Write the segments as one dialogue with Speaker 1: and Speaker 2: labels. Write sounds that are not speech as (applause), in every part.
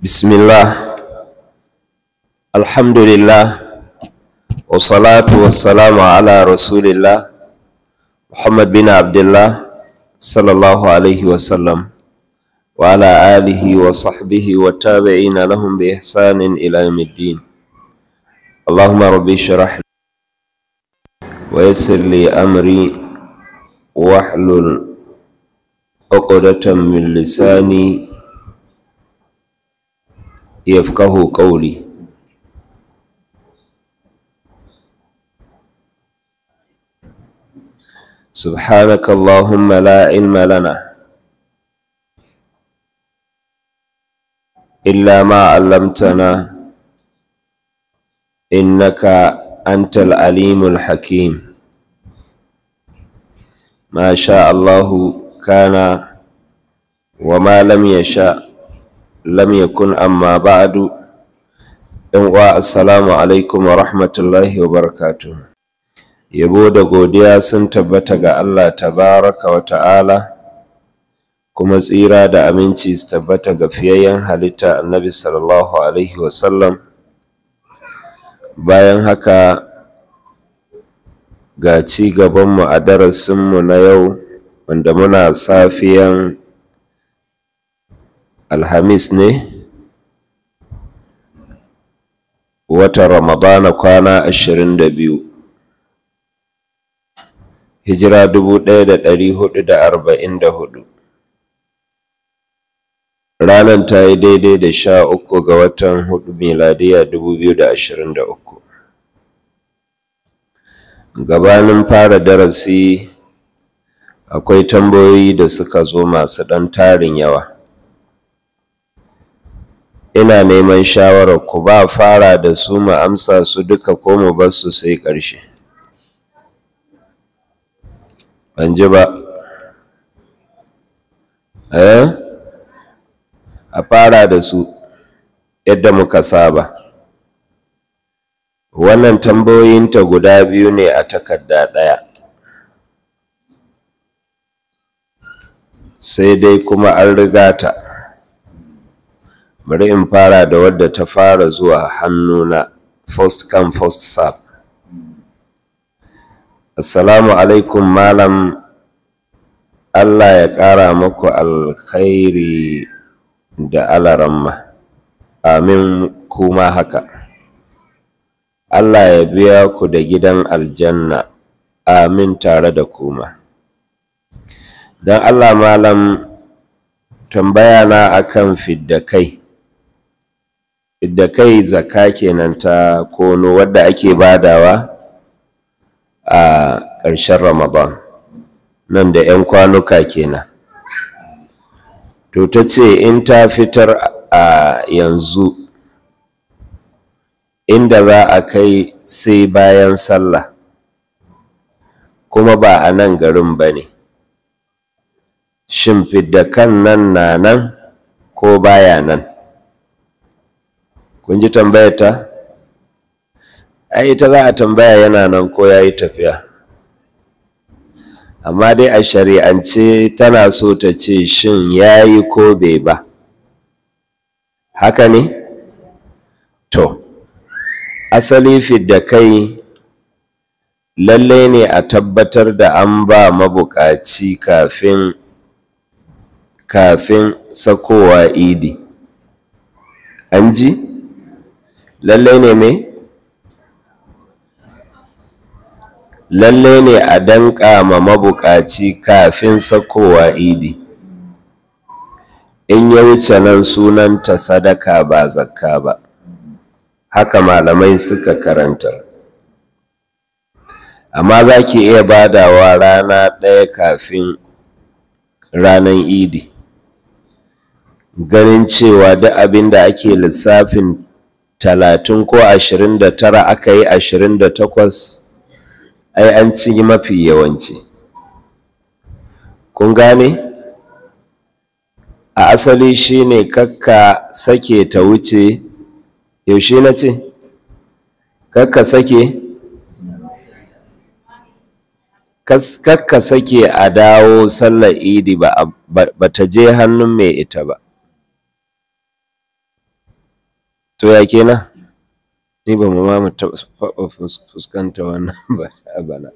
Speaker 1: بسم الله الحمد لله والصلاة والسلام على رسول الله محمد بن عبد الله صلى الله عليه وسلم وعلى آله وصحبه والتابعين لهم بإحسان إلى يوم الدين اللهم ربي اشرح لي ويسر لي أمري واحلل عقدة من لساني yafqahu qawli سبحانك اللهم لا علم لنا إلا ما علمتنا إنك أنت العليم الحكيم ما شاء الله كان وما لم يشاء lam yakun amma ba'du yan uwa assalamu alaikum wa rahmatullahi wa barakatuh yabo da godiya sun tabbata ga Allah tabaraka wa ta'ala kuma tsira da aminci su tabbata ga fiyayyen halitta annabi sallallahu wa sallam bayan haka ga ci gabanmu a darasinmu na yau wanda muna safiyan alhamis ne watan ramadana kwana ashirin da biyu hijira dubu ɗaya da ɗari hudu da arba'in da hudu ranar ta yi daidai da sha uku ga watan hudu miladiya dubu biyu da ashirin da uku gabanin fara darasi akwai tambayoyi da suka zo masu ɗan tarin yawa ina neman shawarar ku ba fara da su mu amsa su duka ko mu bar su sai ƙarshe ban ji ba eh a fara da su yadda muka saba wannan tambayoyinta guda biyu ne a takarda ɗaya sai dai kuma an riga ta bari in fara da wadda ta fara zuwa hannuna first come first serve assalamu alaikum malam allah ya ƙara maku alkhairi da alaramma amin kuma haka allah ya biya ku da gidan aljanna amin tare da kuma don allah malam tambaya na akan fidda kai da kai zaka kenan ta kono wadda ake badawa a ƙarshen ramadan nan da 'yan kwanuka kenan to ta ce in ta fitar a yanzu inda za a kai sai bayan sallah kuma ba a nan garin ba ne shin fidda kan nan na nan ko baya nan kun ji tambayar ta ai ita za a tambaya yana nan ko ya yi tafiya amma dai a shari'ance tana so ta ce shin ya yi ko bai ba haka ne to asali da kai lallai ne a tabbatar da an ba mabukaci kafin kafin sakowa idi an ji lallai ne me lallai ne a danƙa ma mabuƙaci kafin sakowa idi in ya wuce nan sunanta sadaka ba zakka ba haka malamai suka karanta amma za ki iya badawa rana ɗaya kafin ranar idi ganin cewa duk abin da ake lissafin talatin ko ashirin da tara aka yi ashirin da takwas ai an ci mafi yawanci kun gane a asali shine kakka sake ta wuce yaushe na ce kakka sake kakka sake a dawo sallar idi ba ta je hannun mai ita ba to ya kenan ni ba mu ma mu taɓa fuskanta wannan (laughs) ba a bana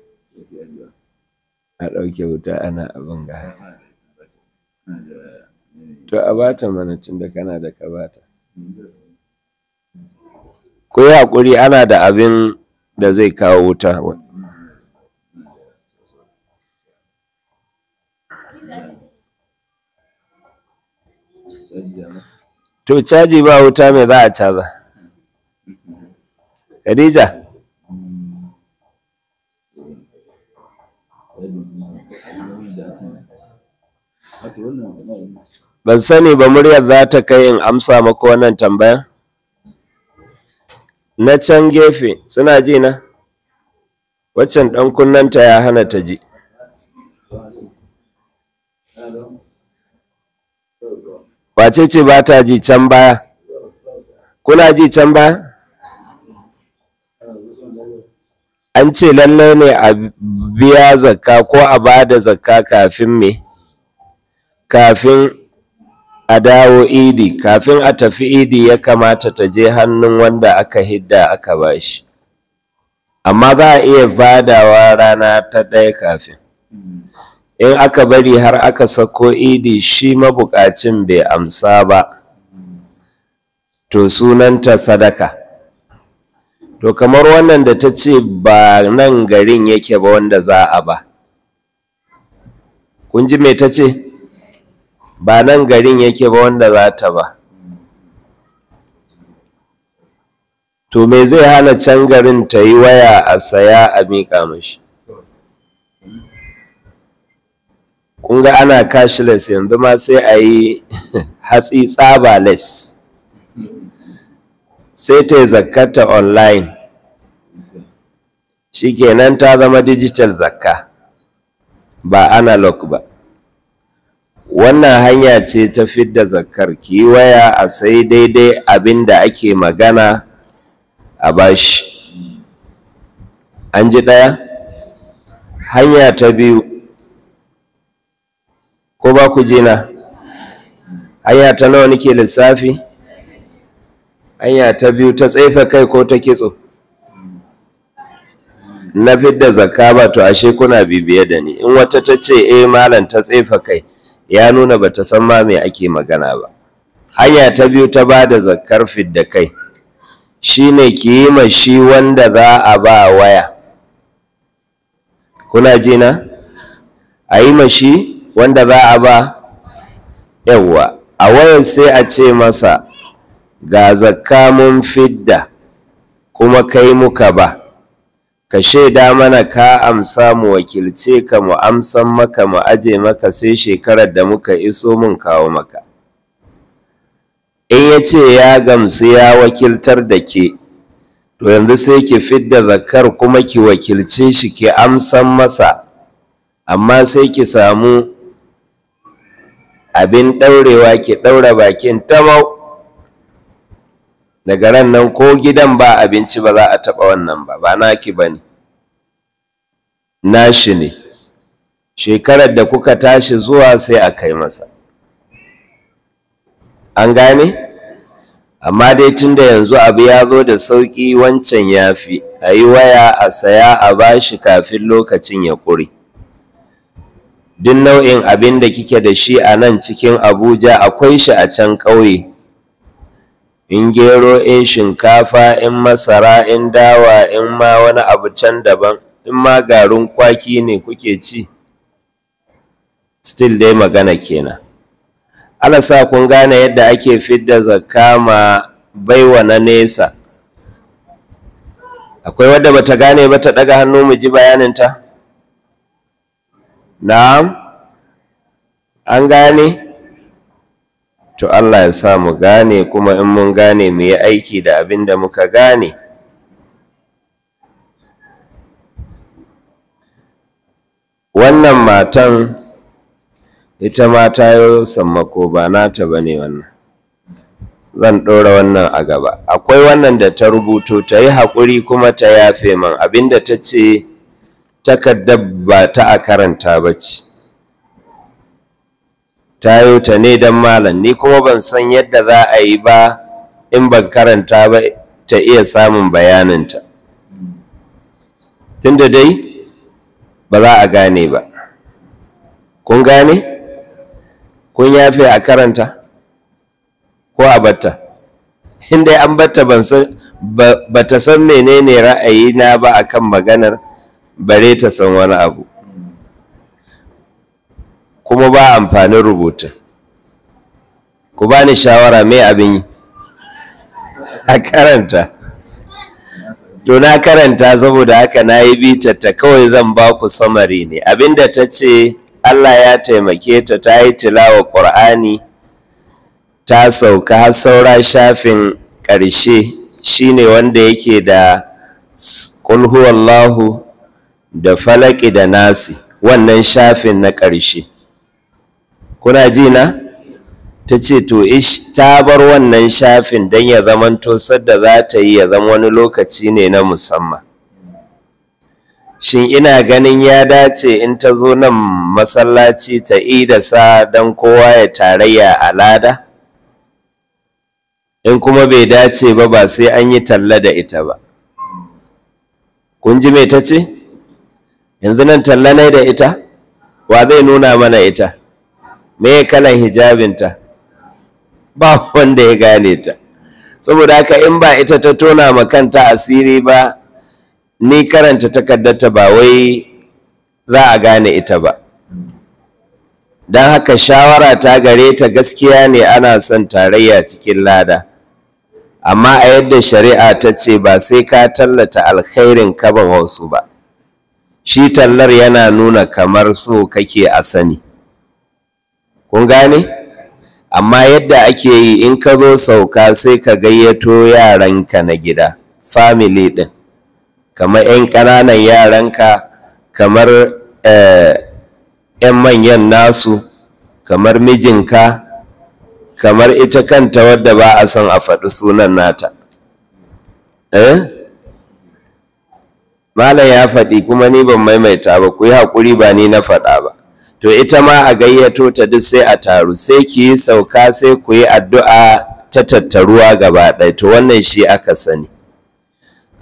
Speaker 1: a ɗauke wuta ana abin ga haka to a bata mana da kana da ka bata ko ya haƙuri ana da abin da zai kawo wuta to caji ba wuta mai za a caza Khadija ban sani ba muryar za ta kai in amsa maka wannan tambayan na can gefe suna ji na waccan ɗan kunnanta ya hana ta ji wace ce ba ta ji can baya kuna ji can baya an ce lallai ne a biya zakka ko a ba da zakka kafin me kafin a dawo idi kafin a tafi idi ya kamata ta je hannun wanda aka hidda aka bashi amma za a iya badawa rana ta ɗaya kafin in aka bari har aka sako idi shi mabukacin bai amsa ba to sunanta sadaka to kamar wannan da ta ce ba nan garin yake ba wanda za a ba kun ji me ta ce ba nan garin yake ba wanda za ta ba to me zai hana can garin ta yi waya a saya a miƙa mashi Kunga ga ana cashless yanzu ma sai a yi (laughs) hatsi tsaba less sai ta yi zakata online shikenan ta zama digital zakka ba analog ba wannan hanya ce ta fidda zakkar waya a sai daidai abin da ake magana a bashi an ji ɗaya hanya ta biyu ko ba ku jina hanya ta nawa nake lissafi hanya ta biyu ta tsefe kai ko ta kitso na fidda zakka ba to ashe kuna bibiye da ni in wata ta ce eh malam ta tsefe kai ya nuna bata san ma me ake magana ba hanya ta biyu ta ba da zakkar fidda kai shine ki yi ma shi wanda za a ba waya kuna jina a yi ma shi wanda za a ba yawwa a wayan sai a ce masa ga zakka mun fidda kuma kai muka ba ka shaida mana ka amsa mu wakilce ka mu amsan maka mu aje maka sai shekarar da muka iso mun kawo maka in ya ce ya gamsu ya wakiltar da ke to yanzu sai ki fidda zakkar kuma ki wakilce shi ki amsan masa amma sai ki samu abin ɗaurewa ke ɗaura bakin tamau daga ran nan ko gidan ba abinci ba za a taɓa wannan ba ba naki ba ne nashi ne shekarar da kuka tashi zuwa sai a kai masa an gane amma dai tunda yanzu abu ya zo da sauƙi wancan ya fi a yi waya a saya a bashi kafin lokacin ya ƙure duk nau'in abin da kike da shi a nan cikin abuja akwai shi a can ƙauye in gero in shinkafa in masara in dawa in ma wani abu can daban in ma garin kwaki ne kuke ci still dai magana kenan ana sa kun gane yadda ake fidda zakka ma baiwa na nesa akwai wadda bata gane ba ta daga hannu mu ji bayaninta na'am an gane to Allah ya sa mu gane kuma in mun gane mu yi aiki da abin da muka gane wannan matan ita ma ta yi sammako ba nata ba ne wannan zan ɗora wannan a gaba akwai wannan da ta rubuto ta yi haƙuri kuma ta yafe man abinda ta ce takardar ba ta a karanta ba ce yi ta ne don malam ni kuma ban san yadda za a yi ba in ban karanta ba ta iya samun bayaninta tunda dai ba za a gane ba kun gane kun yafe a karanta ko a batta Inda an batta san ba ta san menene ra'ayina ba akan maganar bare ta san wani abu kuma ba amfanin rubutun ku ba ni shawara mai abin yi a karanta to na karanta saboda haka na yi bitata kawai zan ba ku samari ne abinda ta ce allah ya taimake ta ta yi tilawa ƙur'ani ta sauka har saura shafin ƙarshe shine wanda yake da ƙulhuwallahu da falaki da nasi wannan shafin na ƙarshe kuna ji na ta ce to ta bar wannan shafin don ya zamanto sadda za ta yi ya zama wani lokaci ne na musamman shin ina ganin ya dace in ta zo nan masallaci ta idasa don kowa ya tarayya a lada in kuma bai dace ba ba sai an yi talla da ita ba kun ji mai ta ce yanzu nan talla ne da ita wa zai nuna mana ita me kalan hijabinta ba wanda ya gane ta saboda haka in ba ita ta tona ma kanta asiri ba ni karanta takaddata ba wai za a gane ita ba don haka shawara ta gare ta gaskiya ne ana son tarayya cikin lada amma a yadda shari'a ta ce ba sai ka tallata alkhairin kaban wasu ba shi tallar yana nuna kamar so kake a sani kun gane amma yadda ake yi in ka zo sauka sai ka gayyato yaranka na gida family ɗin kamar 'yan ƙananan yaranka kamar 'yan eh, manyan nasu kamar mijinka kamar ita kanta wadda ba a son a faɗi sunan nata eh malam ya faɗi kuma ni ban maimaita ba ku yi haƙuri ba ni na faɗa ba to ita ma a gayyato ta duk sai a taru sai ki yi sauka sai ku yi addu'a ta tattaruwa gaba ɗaya to wannan shi aka sani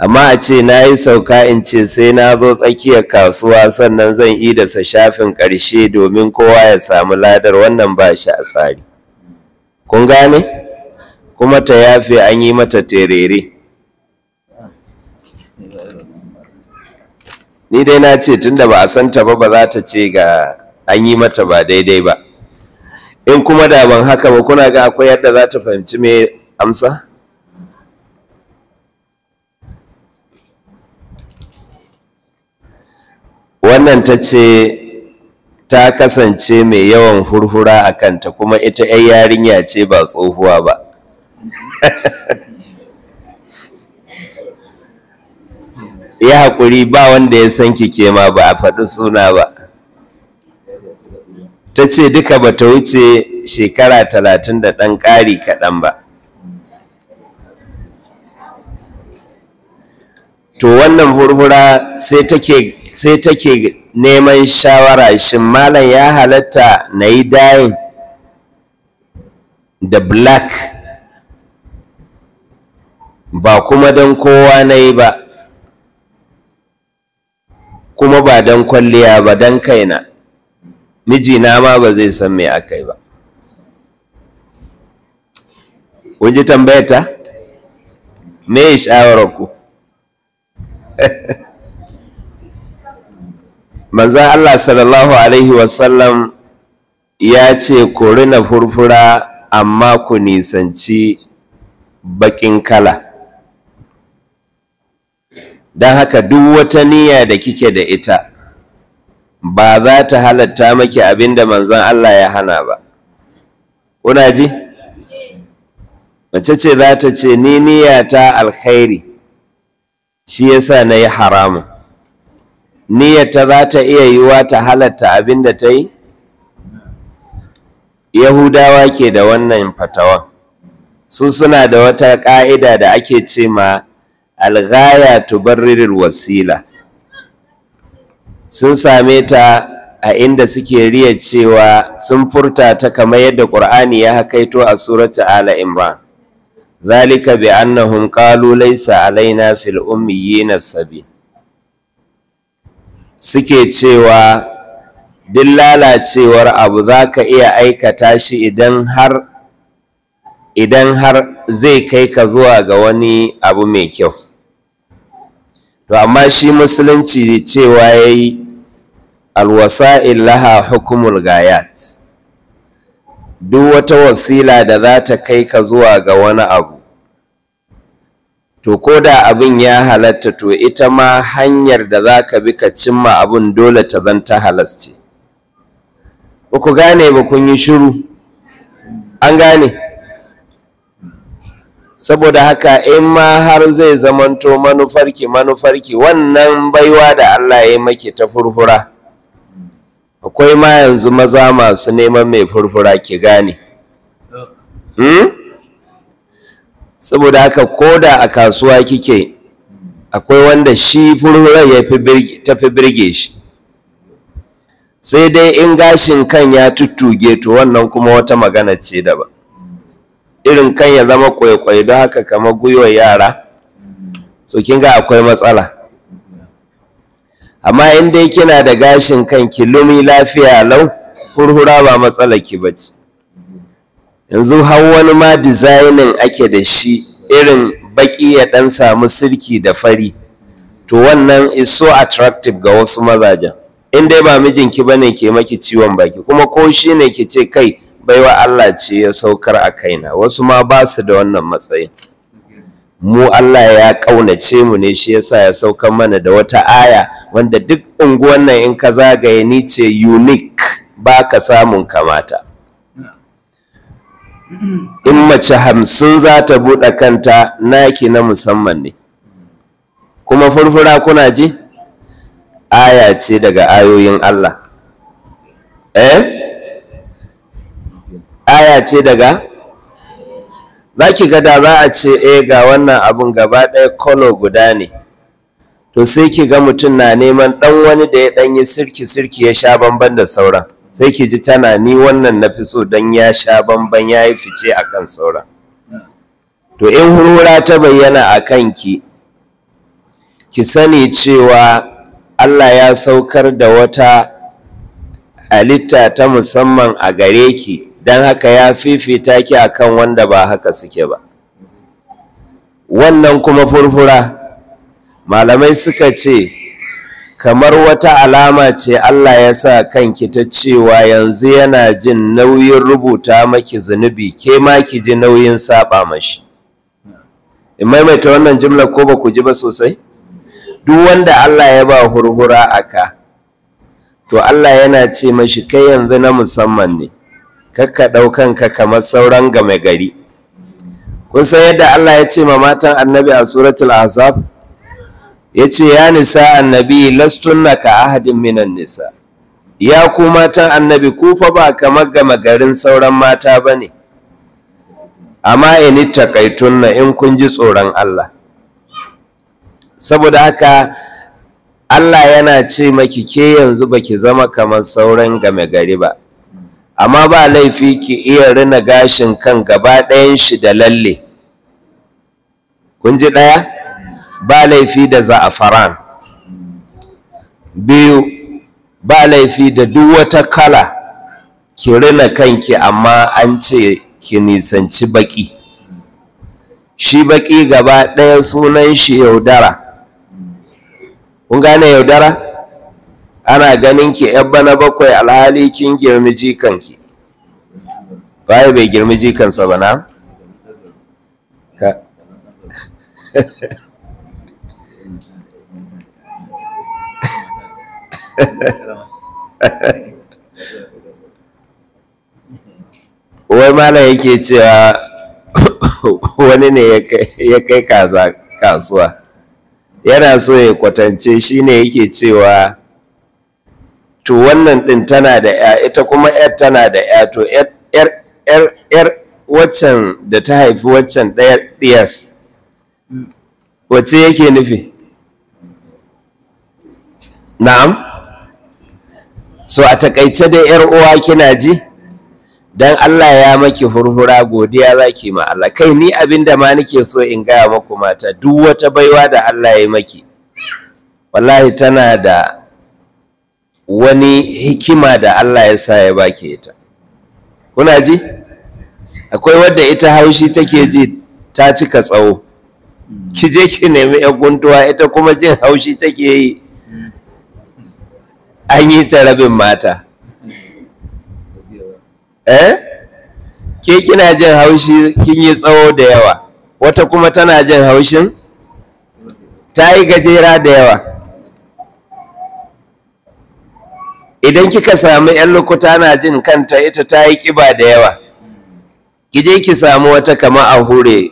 Speaker 1: amma a ce na yi sauka in ce sai na zo tsakiyar kasuwa sannan zan yi da shafin ƙarshe domin kowa ya samu ladar wannan ba shi a tsari kun gane kuma ta yafe an yi mata terere ni dai na ce tunda ba a santa ba ba za ta ce ga an yi mata ba daidai ba in kuma da ban haka ba kuna ga akwai yadda za ta fahimci me amsa wannan ta ce ta kasance mai yawan hurhura a kanta kuma ita 'yan yarinya ce ba tsohuwa ba (laughs) ya hakuri ba wanda ya san kike ma ba a faɗi suna ba ta ce duka ba ta wuce shekara talatin da ɗan ƙari kaɗan ba to wannan hurhura sai take neman shawara shin malam ya halatta na yi dayin da black ba kuma don kowa na yi ba kuma ba don kwalliya ba don kaina mijina ma ba zai san me aka yi ba kun ji tambayata me shawararku (laughs) manzan Allah sallallahu Alaihi wasallam ya ce ku rina furfura amma ku nisanci bakin kala don haka duk wata niyya da kike da ita ba za ta halatta maki abin da manzon Allah ya hana ba kuna ji mace ce za ta ce ni niyya ta alkhairi shi yasa na yi haramun niyyata za ta iya yiwa ta halatta abin da ta yi yahudawa ke da wannan fatawan su suna da wata ƙa'ida da ake ce ma alghaya tubarrirul wasila sun same ta a inda suke riya cewa sun furta ta kamar yadda Qur'ani ya hakaito a surata Ala Imran zalika bi annahum qalu laysa alaina fil ummiyina sabil suke cewa din lalacewar abu za ka iya aikata shi idan har idan har zai kai ka zuwa ga wani abu mai kyau to amma shi musulunci cewa ya yi alwasa laha hukumul gayat duk wata wasila da za ta kai ka zuwa ga wani abu to ko da abin ya halatta to ita ma hanyar da za ka bi ka cimma abin dole ta zan ta halasce ba ku gane ba kun yi shiru an gane saboda haka in ma har zai zamanto manufarki manufarki wannan baiwa da Allah ya yi maki ta furfura akwai ma yanzu maza masu neman mai furfura ki gane hmm? saboda haka koda a kasuwa kike akwai wanda shi furfura ya tafi birge shi sai dai in gashin kan ya tuttuge to wannan kuma wata magana ce daban irin kan ya zama kwaikwai don haka kamar gwiwa yara so kin ga akwai matsala amma in dai kina da gashin kan kilumi lafiya lau hurhura ba matsala ki bace yanzu har wani ma dizainin ake da shi irin baki ya dan samu sirki da fari to wannan is so attractive ga wasu mazajen in dai ba mijinki bane ke maki ciwon baki kuma ko shi ne ke ce kai baiwa Allah ce ya saukar a kaina wasu ma ba su da wannan matsayin mu Allah ya ƙaunace mu ne shi yasa ya saukar mana da wata aya wanda duk unguwan nan in ka zagaye ni ce unique ba ka samun kamata in mace hamsin za ta buɗe kanta naki na musamman ne kuma furfura kuna ji aya ce daga ayoyin Allah eh aya ce daga za ki ga da za a ce e ga wannan abin gaba ɗaya kolo guda ne to sai ki ga mutum na neman ɗan wani da ya ɗan yi sirki sirki ya sha bamban da sauran sai ki ji tana ni wannan na fi so don ya sha bamban ya yi fice a kan sauran to in hurura ta bayyana a ki, ki sani cewa Allah ya saukar da wata halitta ta musamman a gare ki dan haka ya fifita ki akan wanda ba haka suke ba wannan kuma furfura malamai suka ce kamar wata alama ce Allah ya sa kanki ta cewa yanzu yana jin nauyin rubuta maki zunubi ke ma ki ji nauyin saba mashi in maimaita wannan jimla ko ba ku ji ba sosai duk wanda Allah ya ba hurhura aka to Allah yana ce mashi kai yanzu na musamman ne kakka ka kamar sauran game gari kun san yadda Allah ya ce ma matan annabi a suratul ahzab ya ce ya nisa annabi lastunna ka ahadin minan nisa ya ku matan annabi ku fa ba kamar game garin sauran mata ba ne amma ini takaitunna in kun ji tsoron Allah saboda haka Allah yana ce maki ke yanzu baki zama kamar sauran game gari ba amma ba laifi ki iya rina gashin kan gaba ɗayan shi da lalle kun ji ɗaya ba laifi da za'afaran biyu ba laifi da duk wata kala ki rina kanki amma an ce ki nisanci baƙi shi baƙi gaba ɗaya sunan shi yaudara kun gane yaudara ana ganin ki yan bana bakwai alhali kin girmi jikan waye bai girmi jikansa ba na (laughs) wai mala yake cewa (coughs) wani ne ya kai kaza kasuwa yana so ya kwatance shi ne yake cewa to wannan din tana da ya ita kuma yar tana da ya to yar waccan da ta haifi waccan ɗayar ɗiyas wacce yake nufi na'am so a takaice da yar uwa kina ji dan Allah ya maki hurhura godiya zaki ma Allah kai ni abinda ma nake so in gaya maku mata duk wata baiwa da Allah ya maki wallahi tana da wani hikima da Allah ya sa ya baki ita kuna ji akwai wadda ita haushi take ji ta cika tsawo ki je ki nemi yan guntuwa ita kuma jin haushi take yi an yi ta rabin mata eh ke kina jin haushi kin yi tsawo da yawa wata kuma tana jin haushin ta yi gajera da yawa idan kika samu 'yan lokuta na jin kanta ita ta yi ƙiba da yawa kije ki samu wata kama a hure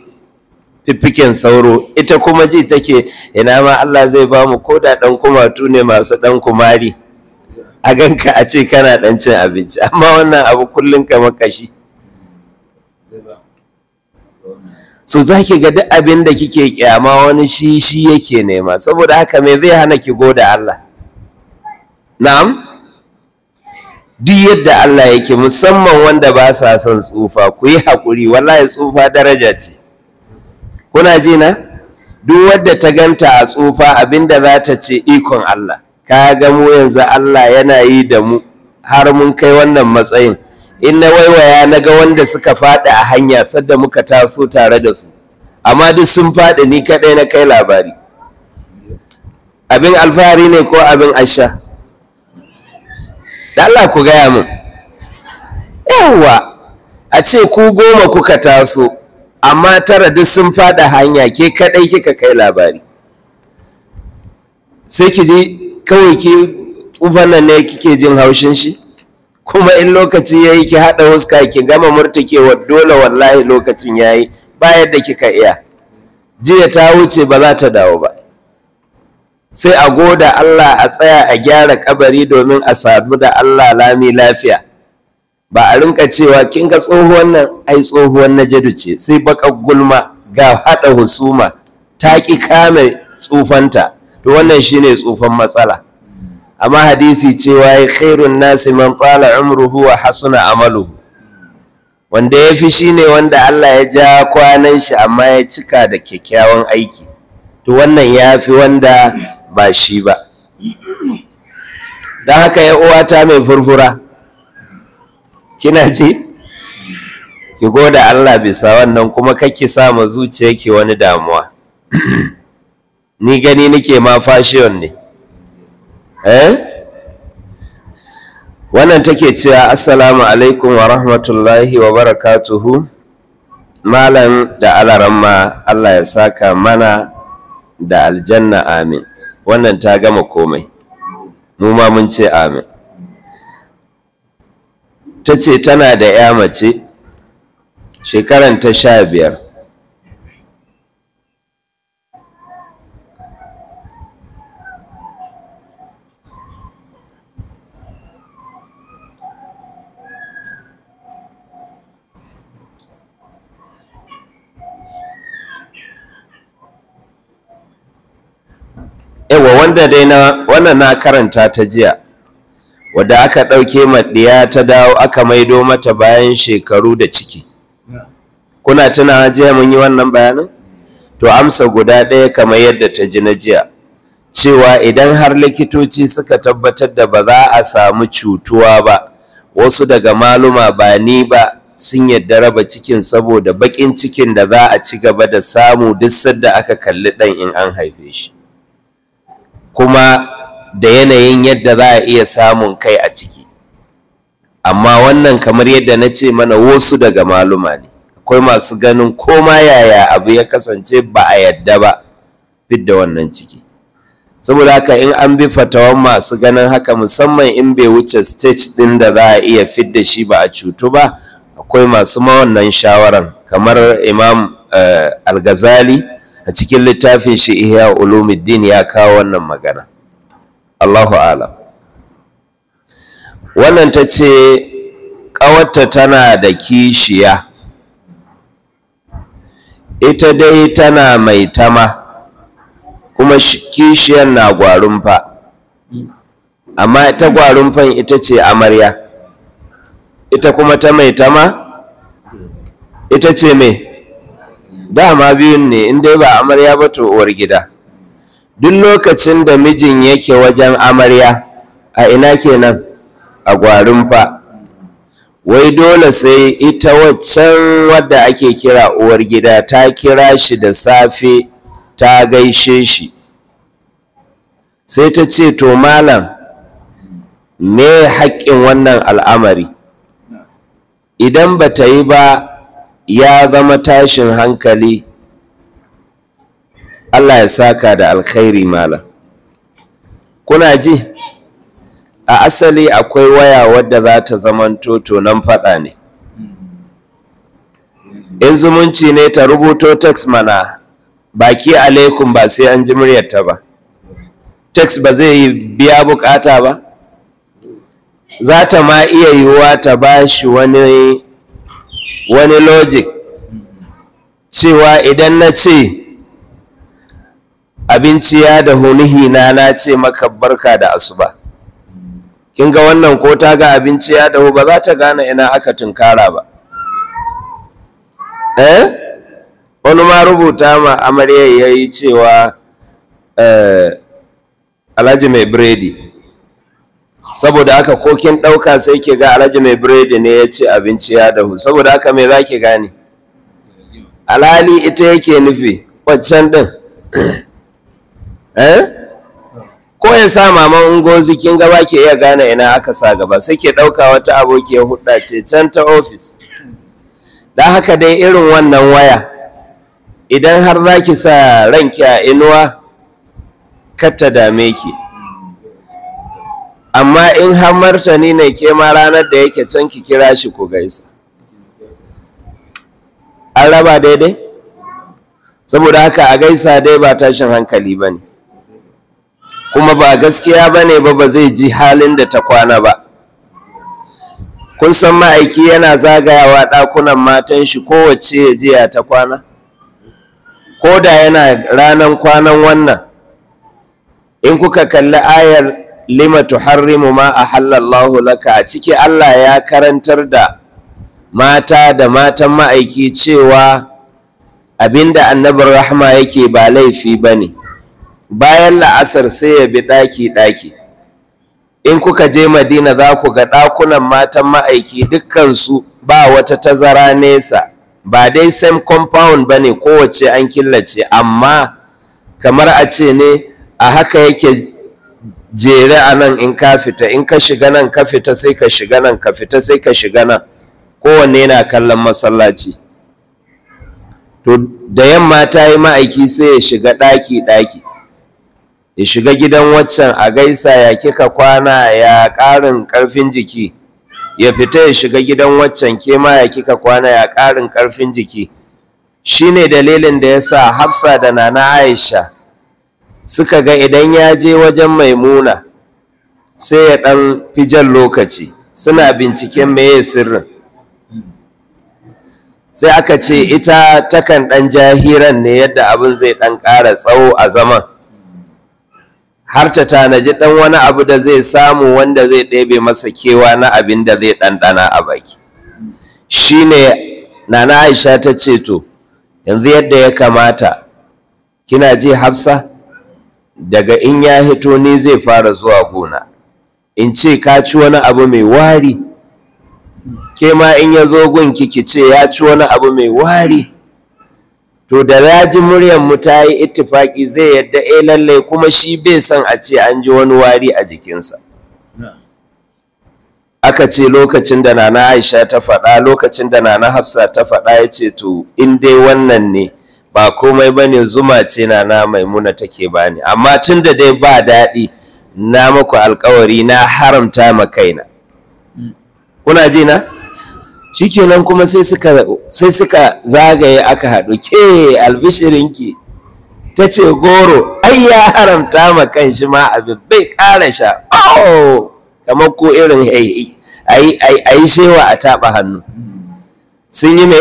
Speaker 1: fiffiken sauro ita kuma ji take ina ma Allah zai ba mu ko da ɗan kumatu ne masu ɗan kumari a ganka a ce kana ɗan cin abinci amma wannan abu kullum kama kashi so za ki ga duk abin da kike kyama wani shi shi yake nema saboda haka me zai hana ki goda Allah na'am duk yadda Allah yake musamman wanda ba sa son tsufa ku yi haƙuri wallahi tsufa daraja ce kuna ji na duk wadda ta ganta a tsufa abinda za ta ce ikon Allah ka ga mu yanzu Allah yana yi da mu har mun kai wannan matsayin in na waiwaya na ga wanda suka faɗi a hanya sadda muka taso tare da su amma duk sun faɗi ni kaɗai na kai labari abin alfahari ne ko abin asha da Allah ku gaya min yawwa a ce ku goma kuka taso amma tara duk sun fada hanya ke kaɗai kika kai labari sai ki je kawai ki tsufan nan ne kike jin haushin shi kuma in lokaci yayi ki haɗa huska ki gama murtakewa dole wallahi lokacin yayi ba da kika iya jiya ta wuce ba za ta dawo ba sai a goda Allah a tsaya a gyara kabari domin a sadu da Allah lami lafiya ba a rinka cewa kin ga tsohuwan nan ai tsohuwan na ce sai baka gulma ga hada husuma ta ki kame tsufanta to wannan shine tsufan matsala amma hadisi cewa ya khairun nasi man tala umruhu wa hasuna amalu wanda ya fi shine wanda Allah ya ja kwanan shi amma ya cika da kyakkyawan aiki to wannan ya fi wanda ba shi ba don haka ya uwata mai furfura kina ji ki goda Allah bisa wannan kuma kake sa ma zuciyarki wani damuwa (clears throat) ni gani nake ma fashion ne eh wannan take cewa assalamu alaikum wa rahmatullahi wa barakatuhu malam da alaramma Allah ya saka mana da aljanna amin wannan ta gama komai mu ma mun ce amin ta ce tana da ya mace shekaran ta sha biyar yawa wanda dai na wannan na karanta ta jiya wadda aka ɗauke maɗiya ta dawo aka maido mata bayan shekaru da ciki kuna tuna jiya mun yi wannan bayanin to amsa guda ɗaya kamar yadda ta ji na jiya cewa idan har likitoci suka tabbatar da ba za a samu cutuwa ba wasu daga maluma ba ni ba sun yadda raba cikin saboda baƙin cikin da za a ci gaba da samu duk sadda aka kalli ɗan in an haife shi kuma da yanayin yadda za a iya samun kai a ciki amma wannan kamar yadda na ce mana wasu daga maluma ne akwai masu ganin koma yaya abu ya kasance ba a yadda ba fit da wannan ciki saboda haka in an bi fatawan masu ganin haka musamman in bai wuce stage din da za a iya fit da shi ba a cutu ba akwai masu mawannan shawaran kamar imam uh, al-ghazali a cikin littafin shi ihya ulumuddin ya kawo wannan magana Allahu alam wannan ta ce ƙawarta tana da kishiya ita dai tana mai tama kuma kishiyar na gwarumfa amma ita gwarumfan ita ce amarya ita kuma ta mai tama ita ce mai dama biyun ne in dai ba amarya ba to uwar gida duk lokacin da mijin yake wajen amarya a ina kenan a gwarin fa wai dole sai ita waccan wadda ake kira uwar gida ta kira shi da safe ta gaishe shi sai ta ce to malam me haƙƙin wannan al'amari idan ba ta yi ba ya zama tashin hankali Allah ya saka da alkhairi malam kuna ji a asali akwai waya wadda za ta toto nan faɗa ne in zumunci ne ta rubuto text mana baki alaikum ba sai an ji muryarta ba text ba zai yi biya bukata ba za ta ma iya yiwuwa ta bashi wani wani logic cewa idan na ce abinci ya da hunihina na ce maka barka da asuba kin ga wannan ko ta ga abinci ya dahu ba za ta gane ina aka tunkara ba eh wani ma rubuta ma amarya ya yi cewa eh, alhaji mai biredi saboda haka ko kin ɗauka sai ke ga alhaji mai biredi ne ya ce abinci ya dahu saboda haka mai, za ki gane alhali ita yake nufi waccan ɗin eh? ko ya sa maman ungozi kin gaba ke iya gane ina aka sa gaba sai ke ɗauka wata abokiyar hudda ce can ta ofis da haka dai irin wannan waya idan har za ki sa ranki a inuwa kar ta dame ki amma in har martani ne ke ma ranar da yake can ki kira shi ku gaisa an raba daidai saboda haka a gaisa dai ba tashin hankali ba ne kuma ba gaskiya ba ne ba ba zai ji halin da ta kwana ba kun san ma'aiki yana zagayawa ɗakunan matan shi kowace ya jiya ta kwana ko da yana ranan kwanan wannan in kuka kalli ayar lima tuharrimu ma ahallallahu laka a ciki Allah ya karantar da mata da matan ma'aiki cewa abinda annabin rahma yake ba laifi bane bayan la'asar sai ya bi daki daki in kuka je Madina za ku ga dakunan matan ma'aiki dukkansu ba wata tazara nesa ba dai same compound bane kowace an killace amma kamar a ce ne a haka yake jere a nan in ka fita in ka shiga nan ka fita sai ka shiga nan ka fita sai ka shiga nan kowanne yana kallon masallaci to da yamma ta yi ma'aiki sai ya shiga ɗaki ɗaki ya shiga gidan waccan a gaisa ya kika kwana ya ƙarin ƙarfin jiki ya fita ya shiga gidan waccan ke ma ya kika kwana ya ƙarin ƙarfin jiki shine dalilin da ya sa hafsa da nana aisha suka ga idan ya je wajen maimuna sai ya ɗan fijan lokaci suna binciken meye sirrin sai aka ce ita takan ɗan jahiran ne yadda abin zai ɗan ƙara tsawo a zaman har ta tanaji ɗan wani abu da zai samu wanda zai ɗebe masa kewa na abin da zai ɗanɗana a baki shi ne nana aisha ta ce to yanzu yadda ya kamata kina ji hafsa daga in ya hito ne zai fara zuwa gona in ce ka ci wani abu mai wari ke ma in ya zo gunki ki ce ya ci wani abu mai wari to da ya ji mu ta yi ittifaki zai yadda eh lallai kuma shi bai son a ce an ji wani wari a jikinsa aka ce lokacin da nana aisha ta faɗa lokacin da nana hafsa ta faɗa ya ce to in dai wannan ne ba komai bane zuma ce na na maimuna take bani amma tun da dai ba daɗi na muku alkawari na haramta ma kaina kuna ji na shikenan kuma sai suka sai suka zagaye aka haɗu ke albishirinki ta ce goro ai ya haramta ma kan shi ma abin bai ƙara sha oh kamar ko irin ai a yi shewa a taɓa hannu sun yi me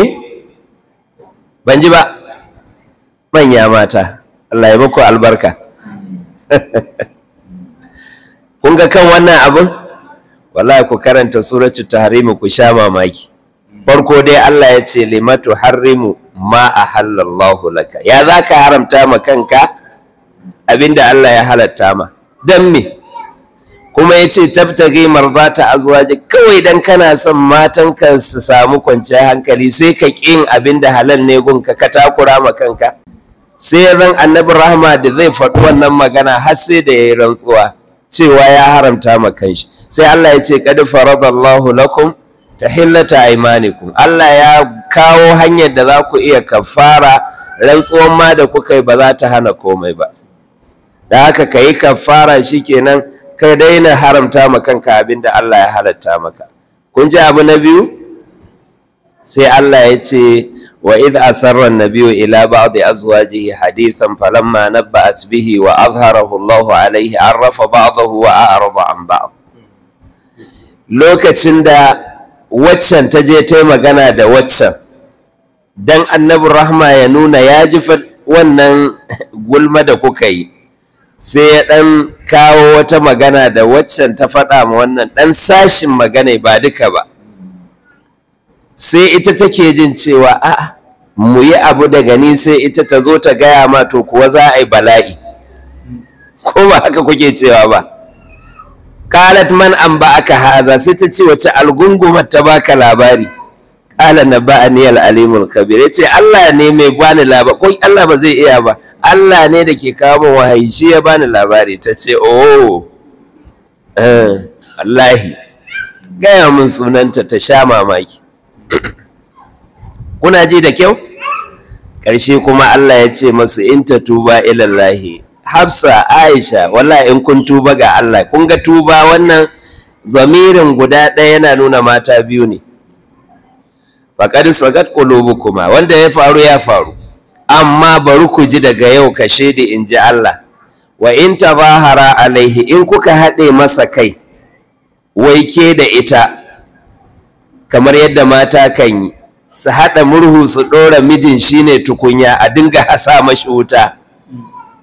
Speaker 1: ban ji ba manya mata Allah ya muku albarka (laughs) kun ga kan wannan abin wallahi ku karanta suratul tahrim ku sha mamaki
Speaker 2: farko dai Allah
Speaker 1: ya ce limatu harrimu ma ahallallahu laka ya zaka haramta ma kanka abinda Allah ya halatta ma dan me kuma ya ce tabtage marzata azwaji kawai dan kana son matan ka su samu kwanciyar hankali sai ka kin abin da halal ne gunka ka takura ma kanka sai ya zan annabi rahama da zai faɗi wannan magana har sai da ya yi rantsuwa cewa ya haramta ma kanshi sai Allah ya ce kad faradallahu lakum tahillata aymanikum Allah ya kawo hanyar da za ku iya kafara rantsuwan ma da kuka yi ba za ta hana komai ba da haka ka yi kafara kenan ka daina haramta ma kanka abin da Allah ya halatta maka kun ji abu na biyu sai Allah ya ce wa idh asarra an-nabiyyu ila ba'di azwajihi hadithan falamma nabba'at wa azharahu Allahu alayhi arrafa ba'dahu wa a'rada an lokacin da waccan ta je ta magana da waccan dan annabi rahma ya nuna ya ji fa wannan gulma da kuka yi sai ya ɗan kawo wata magana da waccan ta fada ma wannan dan sashin magana ba duka ba sai ita take jin cewa a mu yi abu daga ni sai ita ta zo ta gaya ma to kuwa za a yi bala'i ko ba haka kuke cewa ba qalat man an ba aka haza sai ta ce wace algungumar ta baka labari qala na ba aniyal alimul kabir yace Allah ne mai bani labari ko Allah ba zai iya ba Allah ne da ke kawo min wahayi shi ya bani labari ta ce oh eh wallahi gaya min sunanta ta sha mamaki (coughs) kuna ji da kyau ƙarshe kuma Allah ya ce masu in ta tuba ilallahi hafsa aisha wala in kun tuba ga Allah kun ga tuba wannan zamirin guda ɗaya yana nuna mata biyu ne faƙad sagat kuma wanda ya faru ya faru amma bari ku ji daga yau kashe da in ji Allah wa in ta tabahara alaihi in kuka haɗe masa kai wai ke da ita kamar yadda mata kan yi su haɗa murhu su ɗora mijin shine tukunya a dinga hasa (laughs) mashi wuta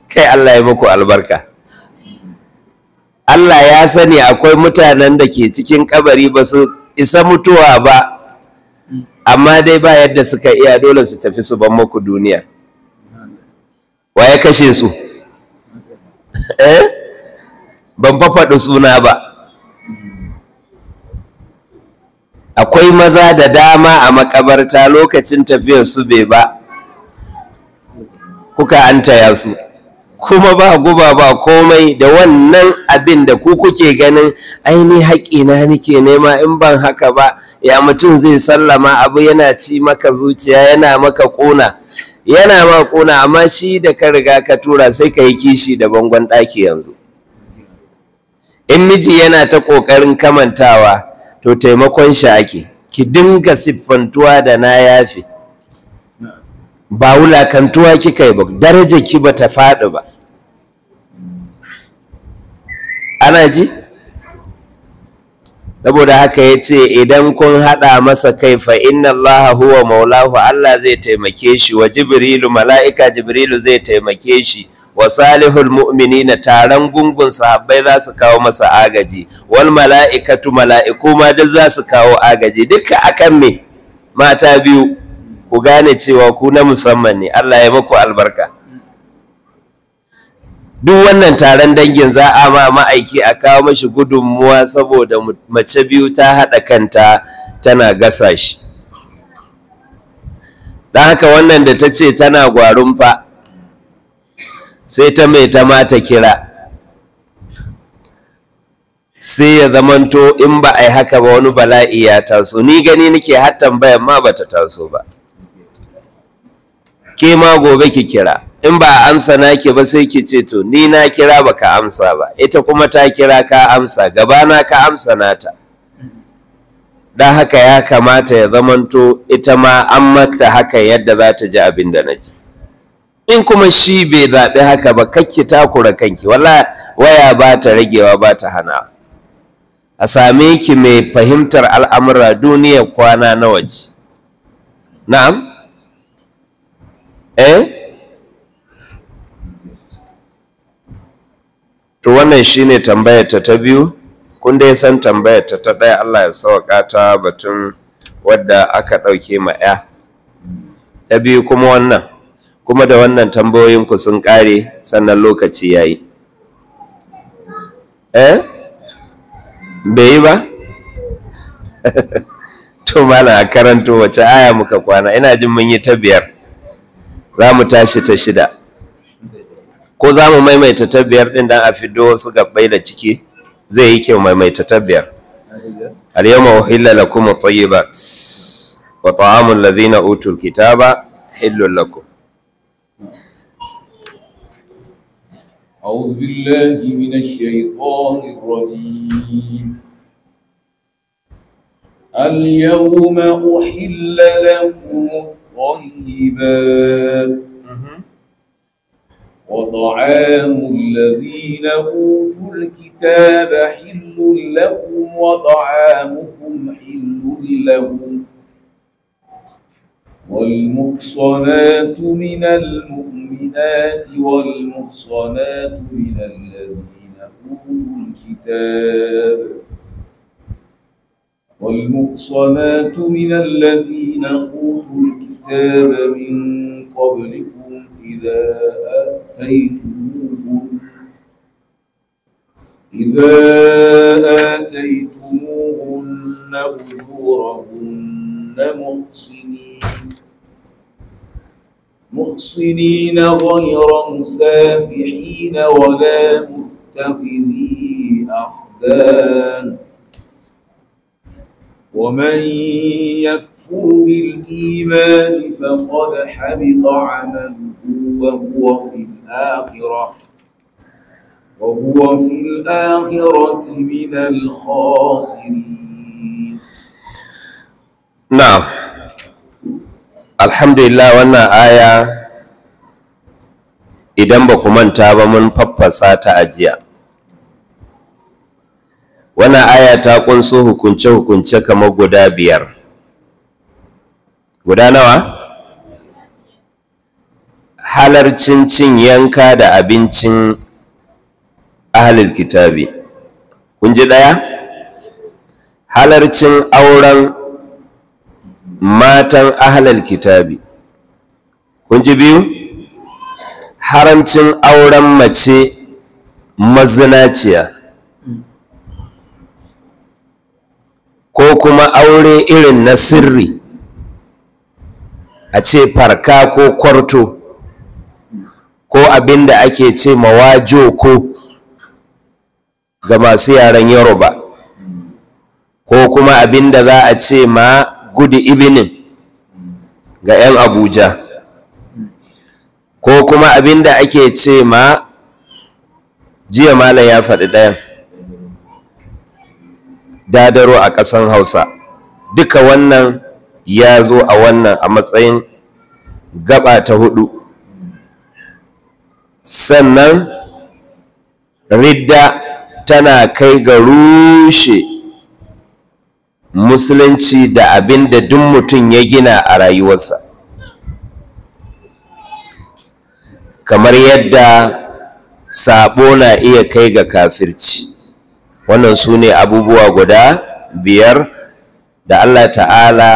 Speaker 1: kai Allah ya muku albarka Allah ya sani akwai mutanen da ke cikin kabari ba su isa mutuwa ba amma dai ba yadda suka iya dole su tafi su ban muku duniya wa ya kashe su (laughs) eh ban fafaɗi suna ba akwai maza da dama a makabarta lokacin tafiyar su bai ba kuka an taya su kuma ba guba ba komai da wannan abin da ku kuke ganin aini na, nike nema in ban haka ba ya mutum zai sallama abu yana ci maka zuciya yana maka ƙona yana ma ƙona amma shi da ka riga ka tura sai ka yi kishi da bangon ɗaki yanzu in miji yana ta ƙoƙarin kamantawa to taimakon shi ake ki dinga siffantuwa da na yafe ba wulakantuwa kika yi ba daraja ki ba ta faɗi ba ana ji saboda haka ya ce idan kun haɗa masa kai fa inna Allah huwa maulahu Allah zai taimake shi wa jibrilu mala'ika jibrilu zai taimake shi wa salihul mu'minina taron gungun sahabbai za su kawo masa agaji wal mala'ikatu mala'iku ma duk za su kawo agaji duka akan me mata biyu ku gane cewa ku na musamman ne Allah ya muku albarka duk wannan taron dangin za a ma ma'aiki a kawo mashi gudunmuwa saboda mace biyu ta haɗa kanta tana gasa shi don haka wannan da ta ce tana gwarun fa sai ta mai ta mata kira sai ya zamanto in ba a yi haka ba wani bala'i ya taso ni gani nake har tambayar ma bata taso ba ke ma gobe ki kira in ba a amsa naki ba sai ki ce to ni na kira ba ka amsa ba ita kuma ta kira ka amsa gabana ka amsa nata don haka ya kamata ya zamanto ita ma an mata haka yadda za ta ji abin da na ji in kuma shi bai zaɓi haka ba kakki takura kanki wala waya ba ta ragewa ba ta hana a same ki mai fahimtar al'amura duniya kwana na waje na'am eh to wannan shine tambaya ta ta biyu kun dai san tambaya ta ta ɗaya Allah ya sauka ta batun wadda aka ɗauke ma 'ya ta biyu kuma wannan kuma da wannan tambayoyinku sun ƙare sannan lokaci ya yi eh bai yi ba (laughs) to mana a karanto wace aya muka kwana ina jin mun yi ta biyar za mu tashi ta shida ko za mu maimaita ta biyar ɗin don a fido wasu gabbai da ciki zai yi kyau maimaita ta biyar al uhilla lakum tayyibat wa ta'amul ladhina utul kitaba hillul lakum
Speaker 2: أعوذ بالله من الشيطان الرجيم اليوم أحل لكم الطيبات وطعام الذين أوتوا الكتاب حل لكم وطعامكم حل لهم والمحصنات من المؤمنات والمحصنات من الذين أوتوا الكتاب والمحصنات من الذين أوتوا الكتاب من قبلكم إذا آتيتموهن إذا آتيتموهن أجورهن محصنين محصنين غير مسافحين ولا متخذي أخدان ومن يكفر بالإيمان فقد حبط عمله وهو في الآخرة وهو في الآخرة من الخاسرين
Speaker 1: نعم alhamdulillah wannan aya idan ba ku manta ba mun faffasa ta ajiya wannan aya ta kunso hukunce-hukunce kamar guda biyar guda nawa halarcin cin yanka da abincin ahalil kitabi kun ji ɗaya halarcin auren matan ahlal kitabi kun ji biyu haramcin auren mace mazinaciya ko kuma aure irin na sirri a ce farka ko kwarto ko abinda da ake ce mawajo ko ga masu yaren yoruba ko kuma abinda za a ce ma good evening ga 'yan abuja ko kuma abinda ake ce ma jiya malam ya faɗi ɗayan dadaro a ƙasan hausa duka wannan ya zo a wannan a matsayin gaba ta hudu sannan ridda tana kai ga rushe musulunci da abin da duk mutum ya gina a rayuwarsa kamar yadda sabo na iya kai ga kafirci wannan su ne abubuwa guda biyar da Allah ta'ala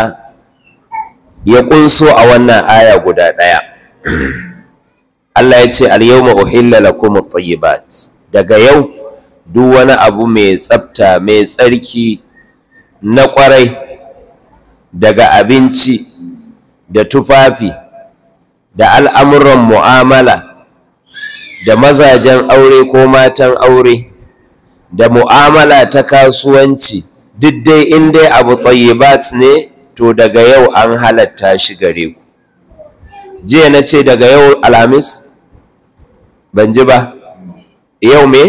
Speaker 1: ya kunso a wannan aya guda ɗaya Allah ya ce al-yawma uhilla lakum at-tayyibat daga yau duk wani abu mai tsafta mai tsarki na kwarai daga abinci da tufafi da al'amuran mu'amala da mazajen aure ko matan aure da mu'amala ta kasuwanci duk dai in dai abu tsayibat ne to daga yau an halatta shi gare ku jiya na ce daga yau alhamis ban ji ba yau me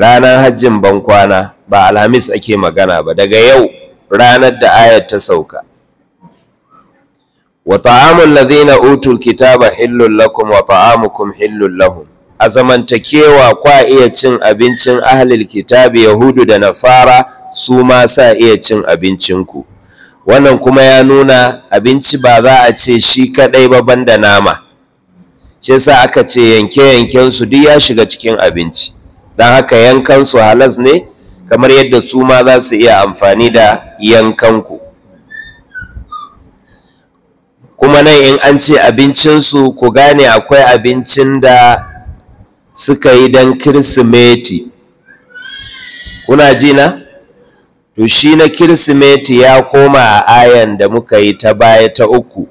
Speaker 1: ranar hajjin bankwana ba alhamis ake magana ba daga yau ranar da ayar ta sauka wa ta'amul ladhina utul kitaba hillul lakum wa ta'amukum hillul lahum a zamantakewa kwa iya cin abincin ahlul kitabi yahudu da nasara su ma sa iya cin abincin ku. wannan kuma ya nuna abinci ba za a ce shi kadai ba banda nama shi yasa aka ce yanke yanken su duk ya shiga cikin abinci dan haka yankan su halas ne kamar yadda su ma za su iya amfani da yankanku kuma nan in an ce abincinsu ku gane akwai abincin da suka yi don kirsimeti kuna ji na? to shi na kirsimeti ya koma a ayan da muka yi ta baya ta uku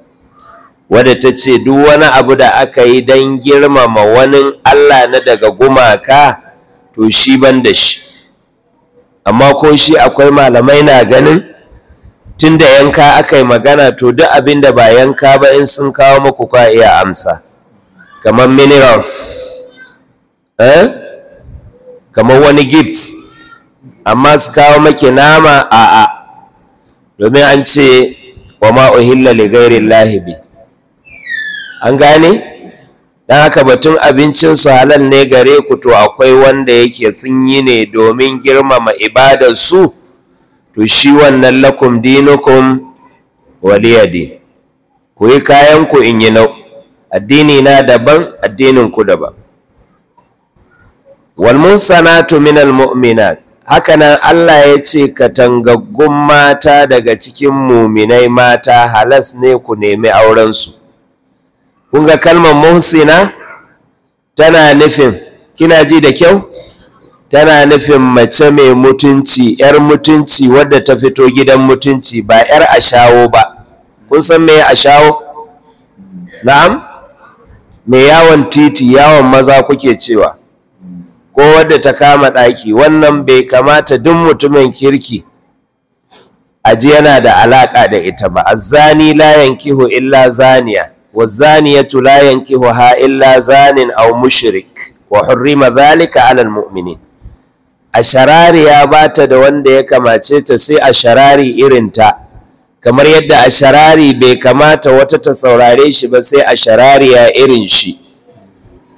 Speaker 1: wadda ta ce duk wani abu da aka yi don girmama wani allah na daga gumaka to shi ban da shi amma ko shi akwai malamai na ganin tunda yanka aka yi magana to duk abin da ba yanka ba in sun kawo maku kwa iya amsa kamar minerals eh? kamar wani gift amma su kawo maki nama a a domin an ce wa mauhillali li lahibi an gane don haka batun abincin su halal ne gare ku to akwai wanda yake sun yi ne domin girmama su to shi wannan lakum dinukum waliyadi ku yi kayan ku in yi nau addini na daban addinin ku daban walmunsanatu minal mu'minat hakanan Allah ya ce katangaggun mata daga cikin muminai mata halas ne ku nemi aurensu kun ga kalmar muhsina tana nufin kina ji da kyau tana nufin mace mai mutunci yar mutunci wadda ta fito gidan mutunci ba yar ashawo ba kun san me ashawo na'am mai yawon titi yawon maza kuke cewa ko wadda ta kama ɗaki wannan bai kamata duk mutumin kirki aji yana da alaƙa da ita ba azzani la yankihu illa zaniya والزانية لا ينكحها إلا زان أو مشرك وحرم ذلك على المؤمنين asharariya ba bata da wanda ya kamace ta sai a sharari irinta kamar yadda a sharari bai kamata wata ta saurare shi ba sai a sharariya irin shi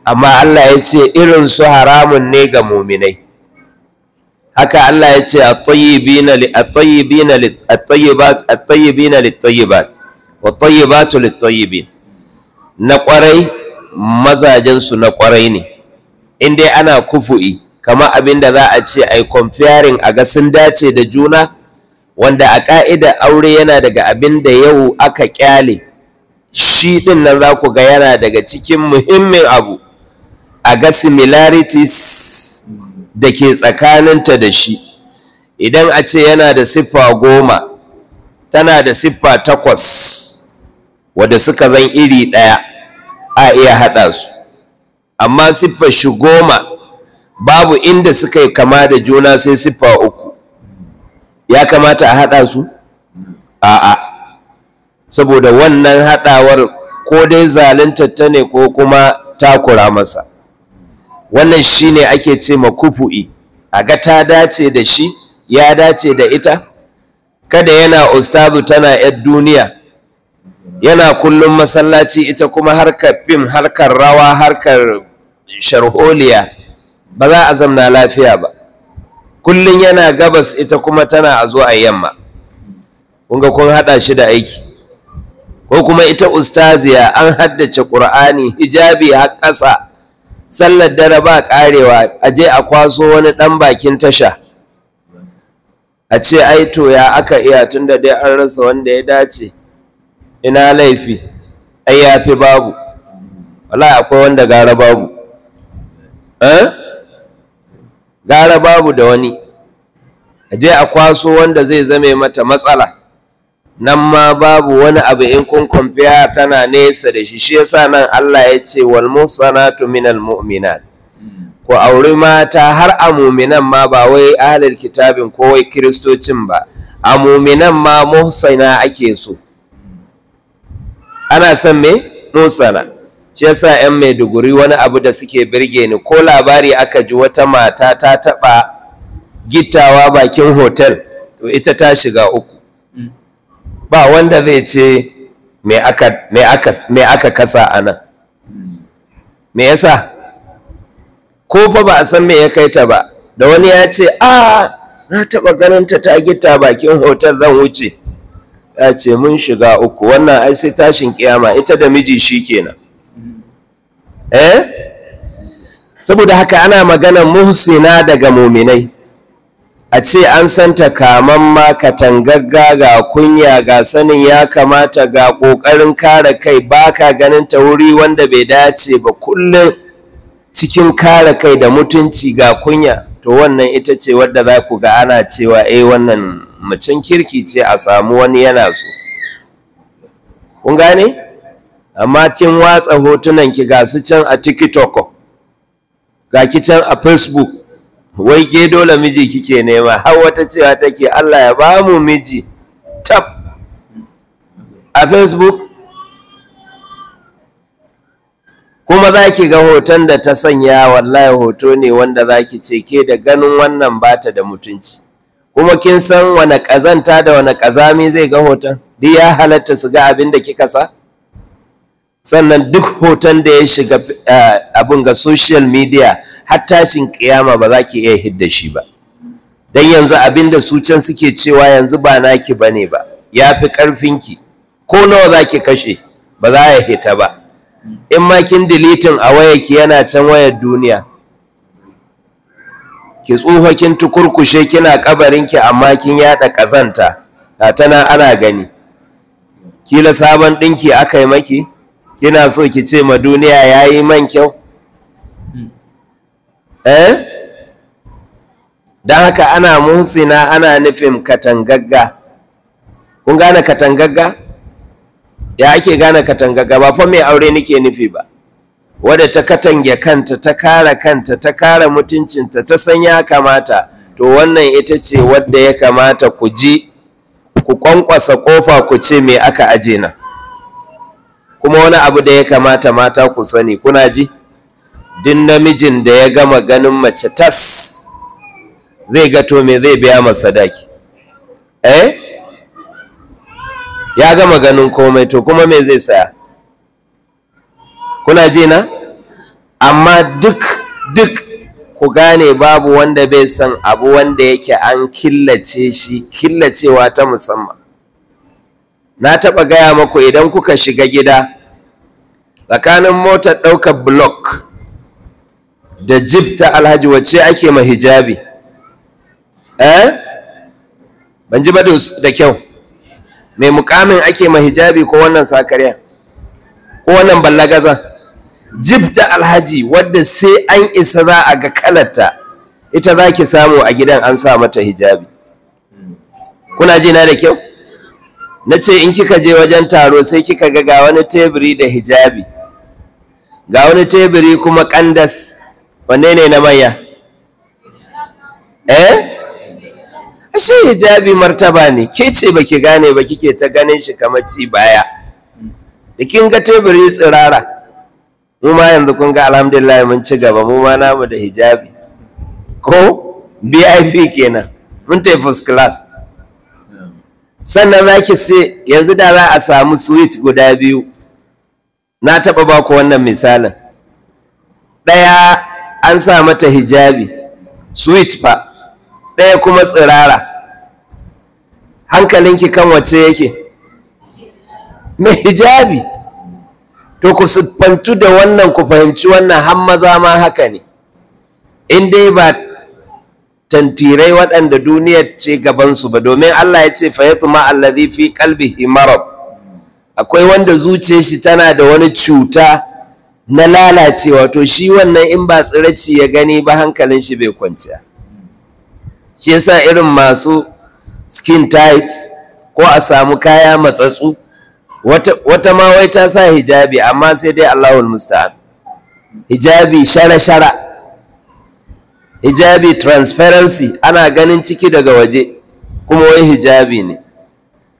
Speaker 1: amma Allah ya ce irin su haramun ne ga muminai haka Allah ya ce at-tayyibina lit-tayyibat wa tayyibatu lit-tayyibin na ƙwarai mazajensu na ƙwarai ne in dai ana kufu'i kamar abin da za a ce ai comparing a ga sun dace da juna wanda a ƙa'ida aure yana daga abin da yau aka ƙyale shi ɗin nan za ku ga yana daga cikin muhimmin abu a ga similarities da ke tsakaninta da shi idan a ce yana da siffa goma tana da siffa takwas wadda suka zan iri ɗaya a iya haɗa su amma siffa shi goma babu inda suka yi kama da juna sai siffa uku ya kamata a haɗa su a'a saboda wannan haɗawar ko dai zaluntar ta ne ko kuma takura masa wannan shine ake ce ma kufu'i a ga ta dace da shi ya dace da ita kada yana ustazu tana 'yar duniya yana kullum masallaci ita kuma harkar fim harkar rawa harkar sharholiya ba za a zamna lafiya ba kullum yana gabas ita kuma tana a zuwa yamma kunga kun haɗa shi da aiki ko kuma ita ustaziya an haddace ƙur'ani hijabi har ƙasa sallar dare ba ƙarewa a je a kwaso wani ɗan bakin tasha a ce ai to ya aka iya tunda dai an rasa wanda ya dace ina laifi ai ya fi babu wala akwai wanda gara babu eh gara babu da wani aje a kwaso wanda zai zame mata matsala nan ma babu wani abu in kun kwamfiya tana nesa da shi shi yasa nan Allah ya ce wal musanatu minal mu'minat ku auri mata har a muminan ma ba wai ahlul kitabin ko wai kiristocin ba a muminan ma muhsana ake so ana son me nusana shi yasa yan maiduguri wani abu da suke birge ni ko labari aka ji wata mata ta taɓa gittawa bakin hotel to ita ta shiga uku ba wanda zai ce me aka, kasa a me yasa ko fa ba a san me ya kai ta ba da wani ya ce a ah, na taɓa ganin ta ta gita bakin hotel zan wuce ya ce mun shiga uku wannan ai sai tashin kiyama ita da miji shi kenan eh saboda haka ana magana muhsina daga muminai a ce an santa kaman ma katangagga ga kunya ga sanin ya kamata ga ƙoƙarin kare kai baka ganin ta wuri wanda bai dace ba kullum cikin kare kai da mutunci ga kunya to wannan ita ce wadda za ku ga ana cewa eh wannan macen kirki ce a samu wani yana so kun gane amma kin watsa hotunan ki ga su can a tiktok ga ki can a facebook wai ke dole miji kike nema har wata cewa take Allah ya bamu miji tab a facebook kuma za ga hoton da ta sanya wallahi hoto ne wanda zaki ki ce ke da ganin wannan bata da mutunci kuma kin san wane ƙazanta da wane ƙazami zai ga hoton duk ya halatta su ga abin da kika sa sannan duk hoton da ya shiga eh, abin ga social media har tashin kiyama ba za ki iya hidda shi ba don yanzu abin da su can suke cewa yanzu ba naki ba ne ba ya fi ƙarfinki ko nawa za ki kashe ba za ya hita ba in ma kin deleting a wayarki yana can wayar duniya ki tsoho, kin tukurkushe kina kabarinki amma kin yada kazanta ta tana ana gani kila sabon dinki aka maki kina so ki ce ma duniya yayi man kyau eh don haka ana musina ana nufin katangagga kun gane katangagga ya ake gane katangagga ba fa mai aure nake nufi ba wadda ta katange kanta ta kare kanta ta kare mutuncinta ta san ya kamata to wannan ita ce wadda ya kamata ku ji ku kwankwasa kofa ku ce me aka aje na kuma wani abu da ya kamata mata ku sani kuna ji din namijin da ya gama ganin mace tas zai gato me zai biya masa sadaki eh ya gama ganin komai to kuma me zai saya kuna ji na amma duk duk ku gane babu wanda bai san abu wanda yake an killace shi killacewa ta musamman na taɓa gaya maku idan kuka shiga gida tsakanin motar ɗaukar block da jib ta alhaji wacce ake ma hijabi eh ban ji ba da kyau mai mukamin ake ma hijabi ko wannan sakariya ko wannan ballagazan jib ta alhaji wadda sai an isa za a ga kalarta ita za ki samu a gidan an sa mata hijabi kuna ji na da kyau na ce in kika je wajen taro sai kika ga ga wani teburi da hijabi ga wani teburi kuma kandas wanne ne na manya eh ashe hijabi martaba ne ke ce ba ki gane ba kike ta ganin shi kamar ci baya da kin ga teburi tsirara mu ma yanzu kun ga alhamdulillah mun ci gaba mu ma namu da hijabi ko bip kenan mun tai first class sannan zaki ki ce yanzu da za a samu suite guda biyu na taɓa ba ku wannan misalin ɗaya an sa mata hijabi suite fa ɗaya kuma tsirara hankalinki kan wace yake mai hijabi to ku siffantu da wannan ku fahimci wannan har maza ma haka ne in dai ba tantirai waɗanda duniya ce gabansu ba domin Allah ya ce fayatu ma allazi fi qalbihi marad akwai wanda zuciyar shi tana da wani cuta na lalacewa to shi wannan in ba tsiraci ya gani ba hankalin shi bai kwanciya shi yasa irin masu skin tight ko a samu kaya matsatsu wata ma wai ta sa hijabi amma sai dai Allahul musta'an hijabi shara-shara hijabi transparency ana ganin ciki daga waje kuma wai hijabi ne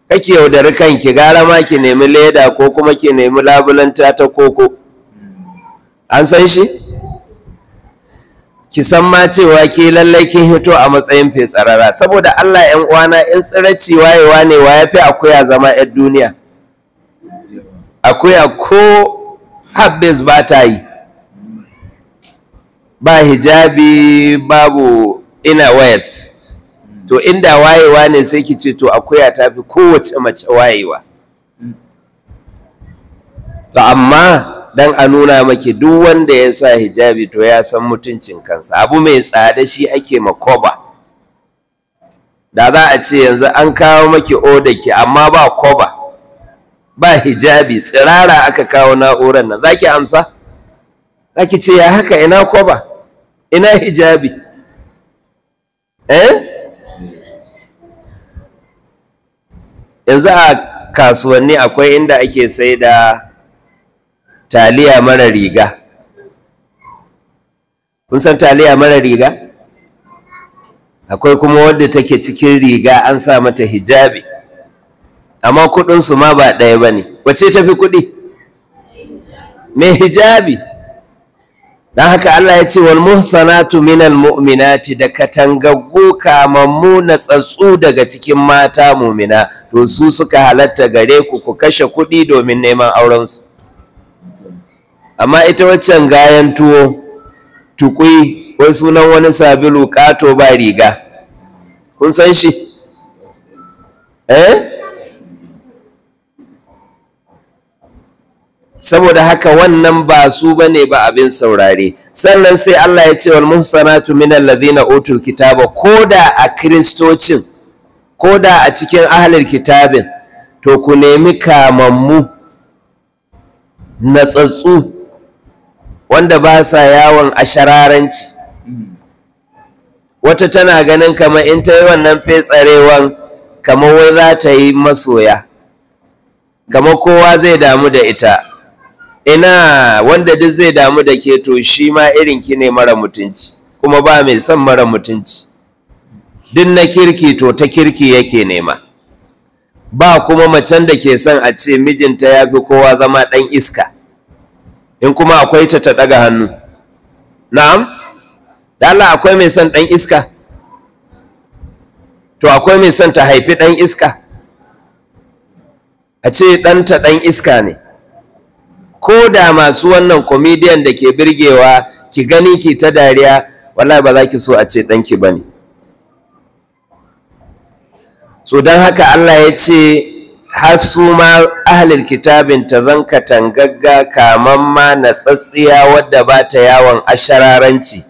Speaker 1: kake yaudari kanki gara ma ki nemi leda ko kuma ki nemi labulanta ta koko an san shi ki san ma cewa ke lallai kin hito a matsayin fetsarara saboda Allah 'yan uwana in tsira wayewa ne wa yafi akuya zama 'yan duniya akuya ko Habes ba ta yi ba hijabi babu ina wayas to inda wayewa ne sai ki ce to akuya ta fi kowace mace wayewa to amma dan a nuna maki duk wanda ya sa hijabi to ya san mutuncin kansa abu mai tsada shi ake makoba da za a ce yanzu an kawo maki odaki amma ba koba ba hijabi tsirara aka kawo na'urar nan zaki amsa zaki ce ya haka ina koba ina hijabi eh? yanzu a kasuwanni akwai inda ake sai da taliya mara riga kun san taliya mara riga akwai kuma wadda take cikin riga an sa mata hijabi amma kuɗinsu ma ba ɗaya ba ne wace ta fi kuɗi mai hijabi don haka Allah ya ce wal muhsanatu minal mu'minati da katangaggu kamammu na tsatsu daga cikin mata mumina to su suka halatta gare ku ku kashe kuɗi domin neman aurensu amma ita waccan gayan tuwo tukui wai sunan wani sabilu kato ba riga kun san shi eh saboda haka wannan ba su bane ba abin saurare sannan sai Allah ya ce wal muhsanatu min ladhina utul kitaba koda a kristocin koda a cikin ahlul kitabin to ku nemi kamammu natsatsu wanda ba sa yawon ashararanci wata tana ganin kamar in ta yi wannan fetsarewan kamar wai za ta yi masoya kamar kowa zai damu da ita ina wanda duk zai damu da ke to shi ma irin ki ne mara mutunci kuma ba mai son mara mutunci duk na kirki to ta kirki yake nema ba kuma macen da ke son a ce mijinta ya fi kowa zama ɗan iska in kuma akwai ta ta ɗaga hannu na'am da Allah akwai mai son ɗan iska to akwai mai son ta haifi ɗan iska a ce ɗanta ɗan iska ne ko da masu wannan comedian da ke birgewa ki gani ki ta dariya wallahi ba za ki so a ce ɗanki ba ne so don haka allah ya ce har su ma ahalil kitabin ta zan tangagga kaman ma na tsatsiya wadda ba ta yawon ashararanci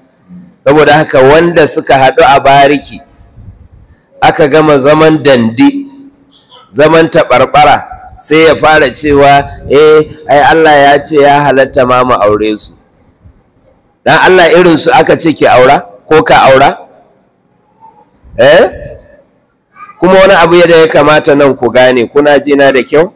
Speaker 1: saboda haka wanda suka haɗu a bariki aka gama zaman dandi zaman taɓarɓara sai ya fara cewa eh ai Allah ya ce ya halatta ma mu aure su dan Allah irin su aka ce ki aura ko ka aura eh kuma wani abu da ya kamata nan ku gane kuna na da kyau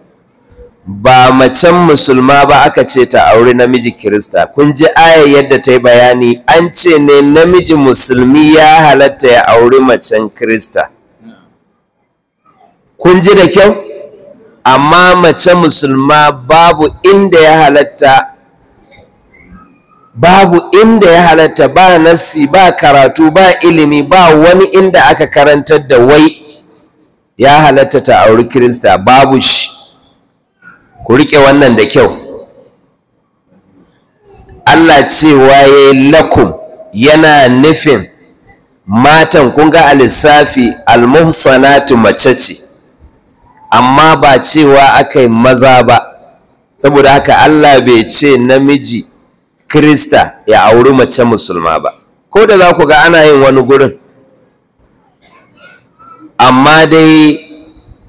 Speaker 1: ba macen musulma ba aka ce ta aure namiji kirista kun ji aya yadda ta yi bayani an ce ne namiji musulmi ya halatta ya aure macen kirista kun ji da kyau amma mace musulma babu inda ya halatta babu inda ya halatta ba nasi, ba karatu ba ilimi ba wani inda aka karantar da wai ya halatta ta auri kirista babu shi ku riƙe wannan da kyau Allah cewa ya yi lakum yana nufin matan kunga ga a lissafi almuhsanatu mace ce amma ba cewa aka yi maza ba saboda haka Allah bai ce namiji Krista ya auri mace musulma ba ko da za ku ga ana yin wani gurin amma dai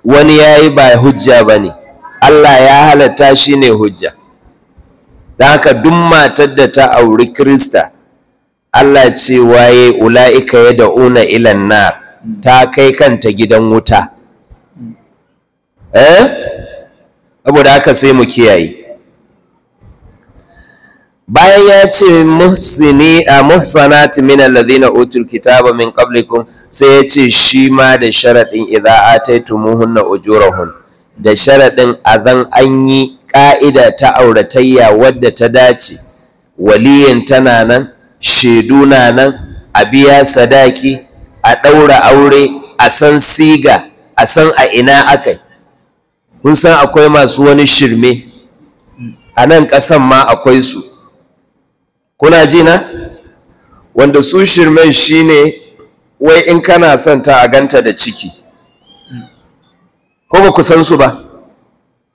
Speaker 1: wani ya yi ba hujja ba ne Allah ya halatta shi ne hujja don haka duk matar da ta auri Krista Allah ce waye ula'ika ya da'una ilan na ta kai kanta gidan wuta eh saboda haka sai mu kiyaye bayan ya ce muhsini a muhsanati min alladhina utul kitaba min qablikum sai ya ce shi ma da sharaɗin sharadin idza ataitumuhunna ujurahun da sharadin azan an yi ƙa'ida ta auratayya wadda ta dace waliyin tana nan shaidu na nan a biya sadaki a ɗaura aure a san siga a san a ina akai kun san akwai masu wani shirme a nan ƙasan ma akwai su kuna ji na wanda su shirmen shine wai in kana son ta a ganta da ciki ko ba ku san su ba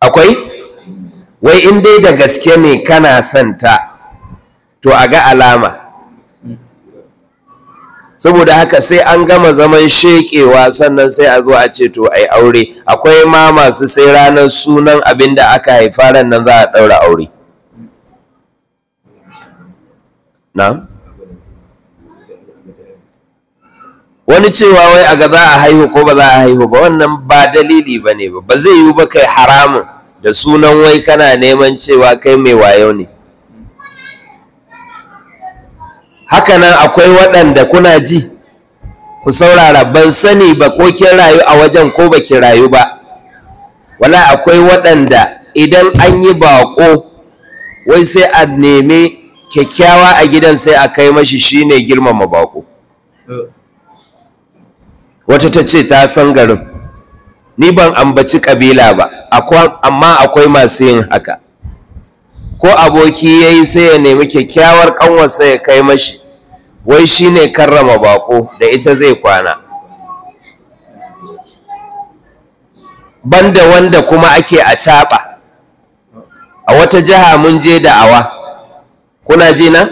Speaker 1: akwai wai in dai da gaske ne kana son ta to a ga alama saboda haka sai an gama zaman shekewa sannan sai a zo a ce to ai aure akwai ma masu sai ranar sunan abin da aka haifa ran nan za a ɗaura aure na'am wani cewa wai a ga za a haihu ko ba za a haihu ba wannan ba dalili ba ne ba ba zai yiwu ba kai haramun da sunan wai kana neman cewa kai mai wayo ne Haka nan, akwai waɗanda kuna ji ku saurara ban sani ba ko kin rayu a wajen ko ba ki rayu ba wala akwai waɗanda idan an yi baƙo wai sai a nemi kyakkyawa a gidan sai a kai mashi shine girmama baƙo wata ta ce ta san garin ni ban ambaci ƙabila ba amma akwai masu yin haka ko aboki ya yi sai ya nemi kyakkyawar ƙanwarsa ya kai mashi wai shi ne karrama baƙo da ita zai kwana banda wanda kuma ake a caɓa a wata jiha mun je da awa kuna ji na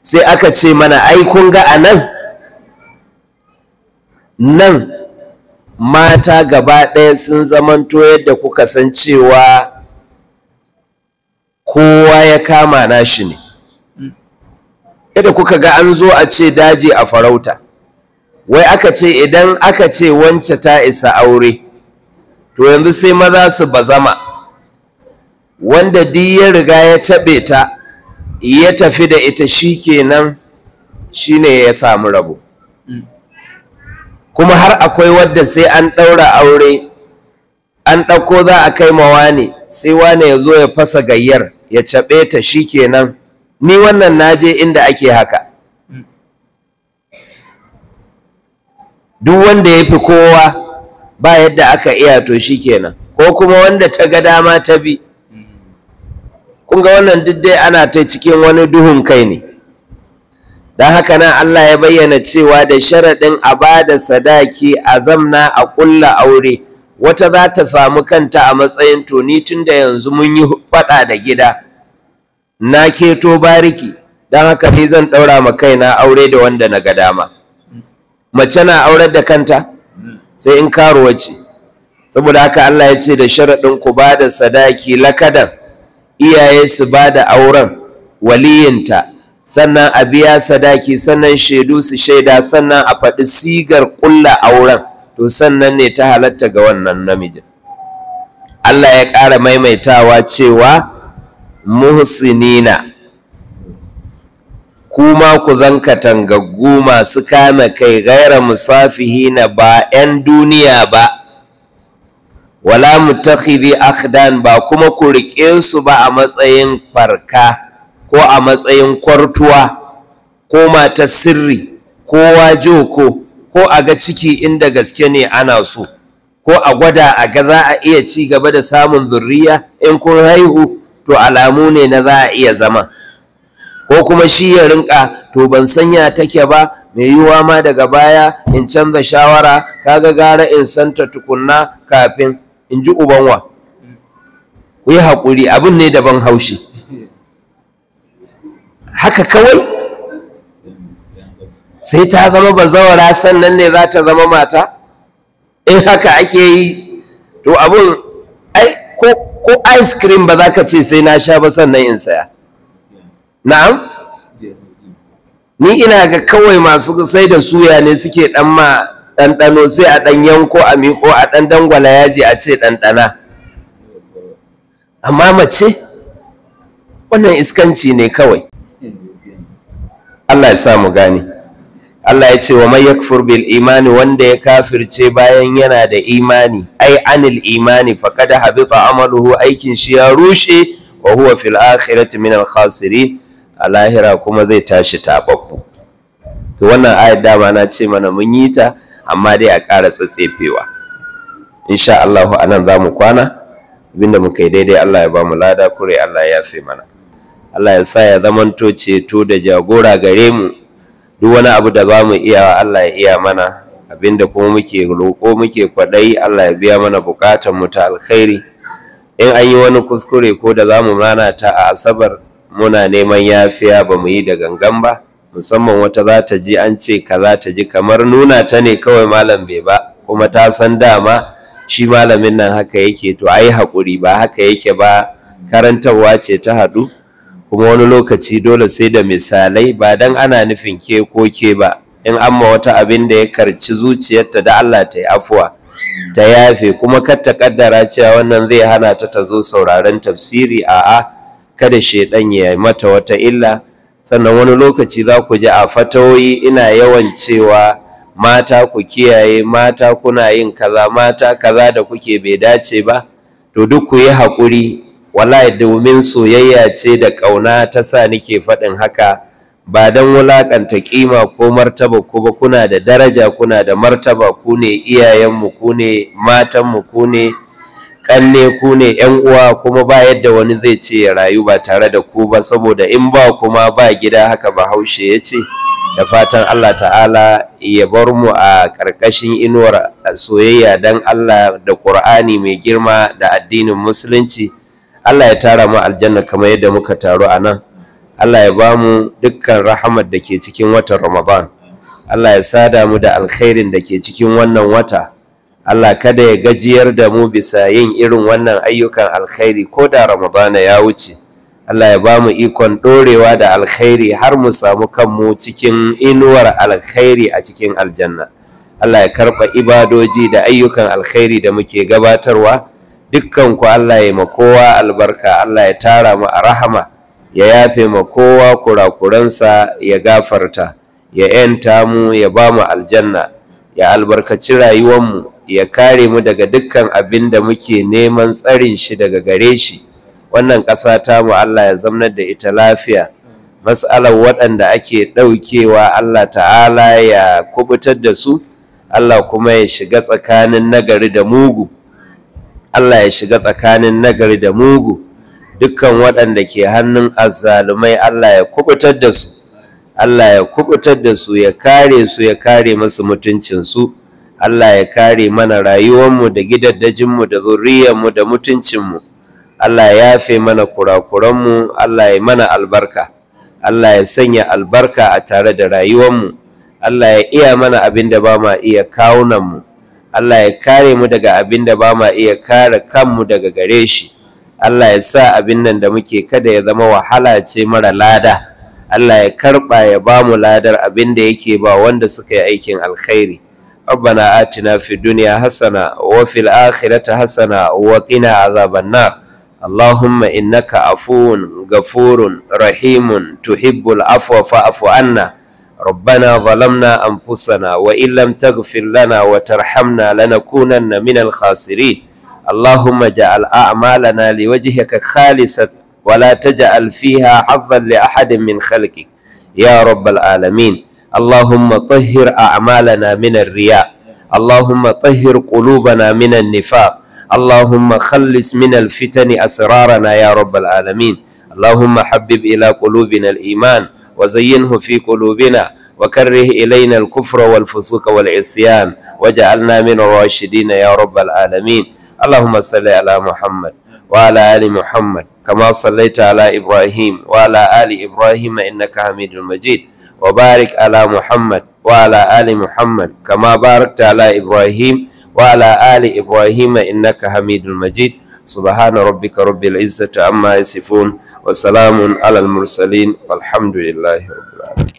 Speaker 1: sai aka ce mana ai kun ga a nan nan mata gaba ɗaya sun zamanto yadda kuka san cewa kowa ya kama nashi ne yadda kuka ga an zo a ce daji a farauta wai aka ce idan aka ce wance ta isa aure to yanzu sai maza su bazama wanda duk ya riga ya caɓe ta ya tafi da ita shi kenan shine ya samu rabo kuma har akwai wadda sai an ɗaura aure an ɗauko za a kai ma wane sai wane ya zo ya fasa gayyar ya caɓe ta shi kenan ni wannan naje inda ake haka duk wanda ya fi kowa ba yadda aka iya to shi kenan ko kuma wanda ta ga dama ta bi kun ga wannan duk dai ana ta cikin wani duhun kai ne don haka nan Allah ya bayyana cewa da sharaɗin a ba sadaki a zamna a ƙulla aure wata za ta samu kanta a matsayin tuni tunda tun da yanzu mun yi faɗa da gida na keto bariki don haka ni zan ɗaura ma kaina aure da wanda na ga dama mace na aurar da kanta sai in karuwa ce saboda haka Allah ya ce da sharaɗin ku ba da sadaki lakadan iyaye su ba da auren waliyinta sannan a biya sadaki sannan shaidu su shaida sannan a faɗi sigar ƙulla auren to sannan ne ta halatta ga wannan namijin Allah ya ƙara maimaitawa cewa muhsinina kuma ku zan katangaggu masu kama kai gaira na ba 'yan duniya ba wala mu mutakhidhi akhdan ba kuma ku riƙe su ba a matsayin farka ko a matsayin kwartuwa ko mata sirri ko wajoko ko a ga ciki inda gaske ne ana so ko a gwada a ga za a iya ci gaba da samun zurriya in kun haihu to alamu ne na za a iya zama ko kuma shi ya rinka to ban sanya take ba mai yiwuwa ma daga baya in canza shawara kaga gara in santa tukunna kafin in ji ubanwa ku yi haƙuri abin ne daban haushi haka kawai sai ta zama bazawara sannan ne za ta zama mata in haka ake yi to abin ai ko ko ice cream ba za ka ce sai na sha ba sannan in saya na'am ni ina ga kawai masu sai da suya ne suke dan ma ɗanɗano sai a ɗan yanko a miƙo a ɗan dangwala yaji a ce ɗanɗana amma mace wannan iskanci ne kawai Allah ya sa mu gane Allah ya ce wa man yakfur bil imani wanda ya kafirce bayan yana da imani ai anil imani faqad habita amaluhu aikin shi ya rushe wa huwa fil akhirati min al khasirin a lahira kuma zai tashi tababbu to wannan ayat dama na ce mana mun yi ta amma dai a ƙara tsatsefewa insha Allah anan zamu kwana abinda muka yi daidai Allah ya ba mu lada kure Allah ya yafe mana Allah ya sa ya zamanto ceto da jagora gare mu duk wani abu da ba mu iya Allah ya iya mana abinda kuma muke roƙo muke kwaɗayi Allah ya biya mana bukatun mu ta alkhairi in an yi wani kuskure ko da zamu rana ta a asabar muna neman yafiya ba mu yi da gangan ba musamman wata za ta ji an ce ka za ta ji kamar nuna ta ne kawai malam bai ba kuma ta san dama shi malamin nan haka yake to ai hakuri ba haka yake ba karantarwa ce ta hadu, kuma wani lokaci dole sai da misalai ba dan ana nufin ke ko ke ba in amma wata abin da ya karci zuciyarta da Allah ta yi afuwa ta yafe kuma kar ta kaddara cewa wannan zai hana ta ta zo sauraren tafsiri a'a kada shedan ya mata wata illa sannan wani lokaci za ku ji a fatawoyi ina yawan cewa mata ku kiyaye mata kuna yin kaza mata kaza da kuke bai dace ba to duk ku yi haƙuri wallahi domin soyayya ce da ƙauna ta sa nake faɗin haka ba don wulaƙanta ƙima ko martaba ku ba kuna da daraja kuna da martaba ku ne iyayenmu ku ne matanmu ku ne ƙalle ku ne ‘yan uwa kuma ba yadda wani zai ce ya rayu ba tare da ku ba saboda in ba kuma ba gida haka ba haushe ya ce da fatan Allah ta'ala ya bar mu a ƙarƙashin inuwar soyayya don Allah da ƙur'ani mai girma da addinin musulunci Allah ya tara mu aljanna kamar yadda muka taru a nan Allah ya bamu dukkan rahamar da ke cikin watan Ramadan Allah ya sada mu da alkhairin da ke cikin wannan wata Allah kada ya gajiyar da mu bisa yin irin wannan ayyukan alkhairi ko da Ramadan ya wuce Allah ya bamu ikon dorewa da alkhairi har mu samu kanmu cikin inuwar alkhairi a cikin aljanna Allah ya karɓa ibadoji da ayyukan alkhairi da muke gabatarwa dukkan ku Allah ya ma kowa albarka Allah ya tara mu a rahama ya yafe ma kowa kurakuransa ya gafarta ya ‘yanta mu ya ba mu aljanna ya albarkaci rayuwanmu ya kare mu daga dukkan abin da muke neman tsarin shi daga gare shi wannan ƙasa ta mu Allah ya zamnar da ita lafiya matsalar waɗanda ake ɗaukewa Allah ta'ala ya kubutar da su Allah kuma ya shiga tsakanin nagari da mugu Allah ya shiga tsakanin nagari da mugu dukkan waɗanda ke hannun azzalumai Allah ya kubutar da su Allah ya kubutar da su ya kare su ya kare masu mutuncinsu Allah ya kare mana rayuwarmu da gidaddajinmu da zuriyarmu da mutuncinmu Allah ya yafe mana kurakuranmu Allah ya mana albarka Allah ya sanya albarka a tare da rayuwarmu Allah ya iya mana abin da ba ma iya kawunanmu Allah ya kare mu daga abin da ba ma iya kare kanmu daga gare shi Allah ya sa abin nan da muke kada ya zama wahala ce mara lada Allah ya karba ya bamu ladar abin da yake ba wanda suka yi aikin alkhairi Rabbana atina fi dunya hasana wa fil akhirati hasana wa qina azabannar Allahumma innaka afuwun ghafurun rahimun tuhibbul afwa fa'fu anna ربنا ظلمنا أنفسنا وإن لم تغفر لنا وترحمنا لنكونن من الخاسرين اللهم اجعل أعمالنا لوجهك خالصة ولا تجعل فيها حظا لأحد من خلقك يا رب العالمين اللهم طهر أعمالنا من الرياء اللهم طهر قلوبنا من النفاق اللهم خلص من الفتن أسرارنا يا رب العالمين اللهم حبب إلى قلوبنا الإيمان وزينه في قلوبنا وكره إلينا الكفر والفسوق والعصيان واجعلنا من الراشدين يا رب العالمين اللهم صل على محمد وعلى آل محمد كما صليت على إبراهيم وعلى آل إبراهيم إنك حميد مجيد وبارك على محمد وعلى آل محمد كما باركت على إبراهيم وعلى آل إبراهيم إنك حميد مجيد سبحان ربك رب العزة عما يصفون وسلام على المرسلين والحمد لله رب العالمين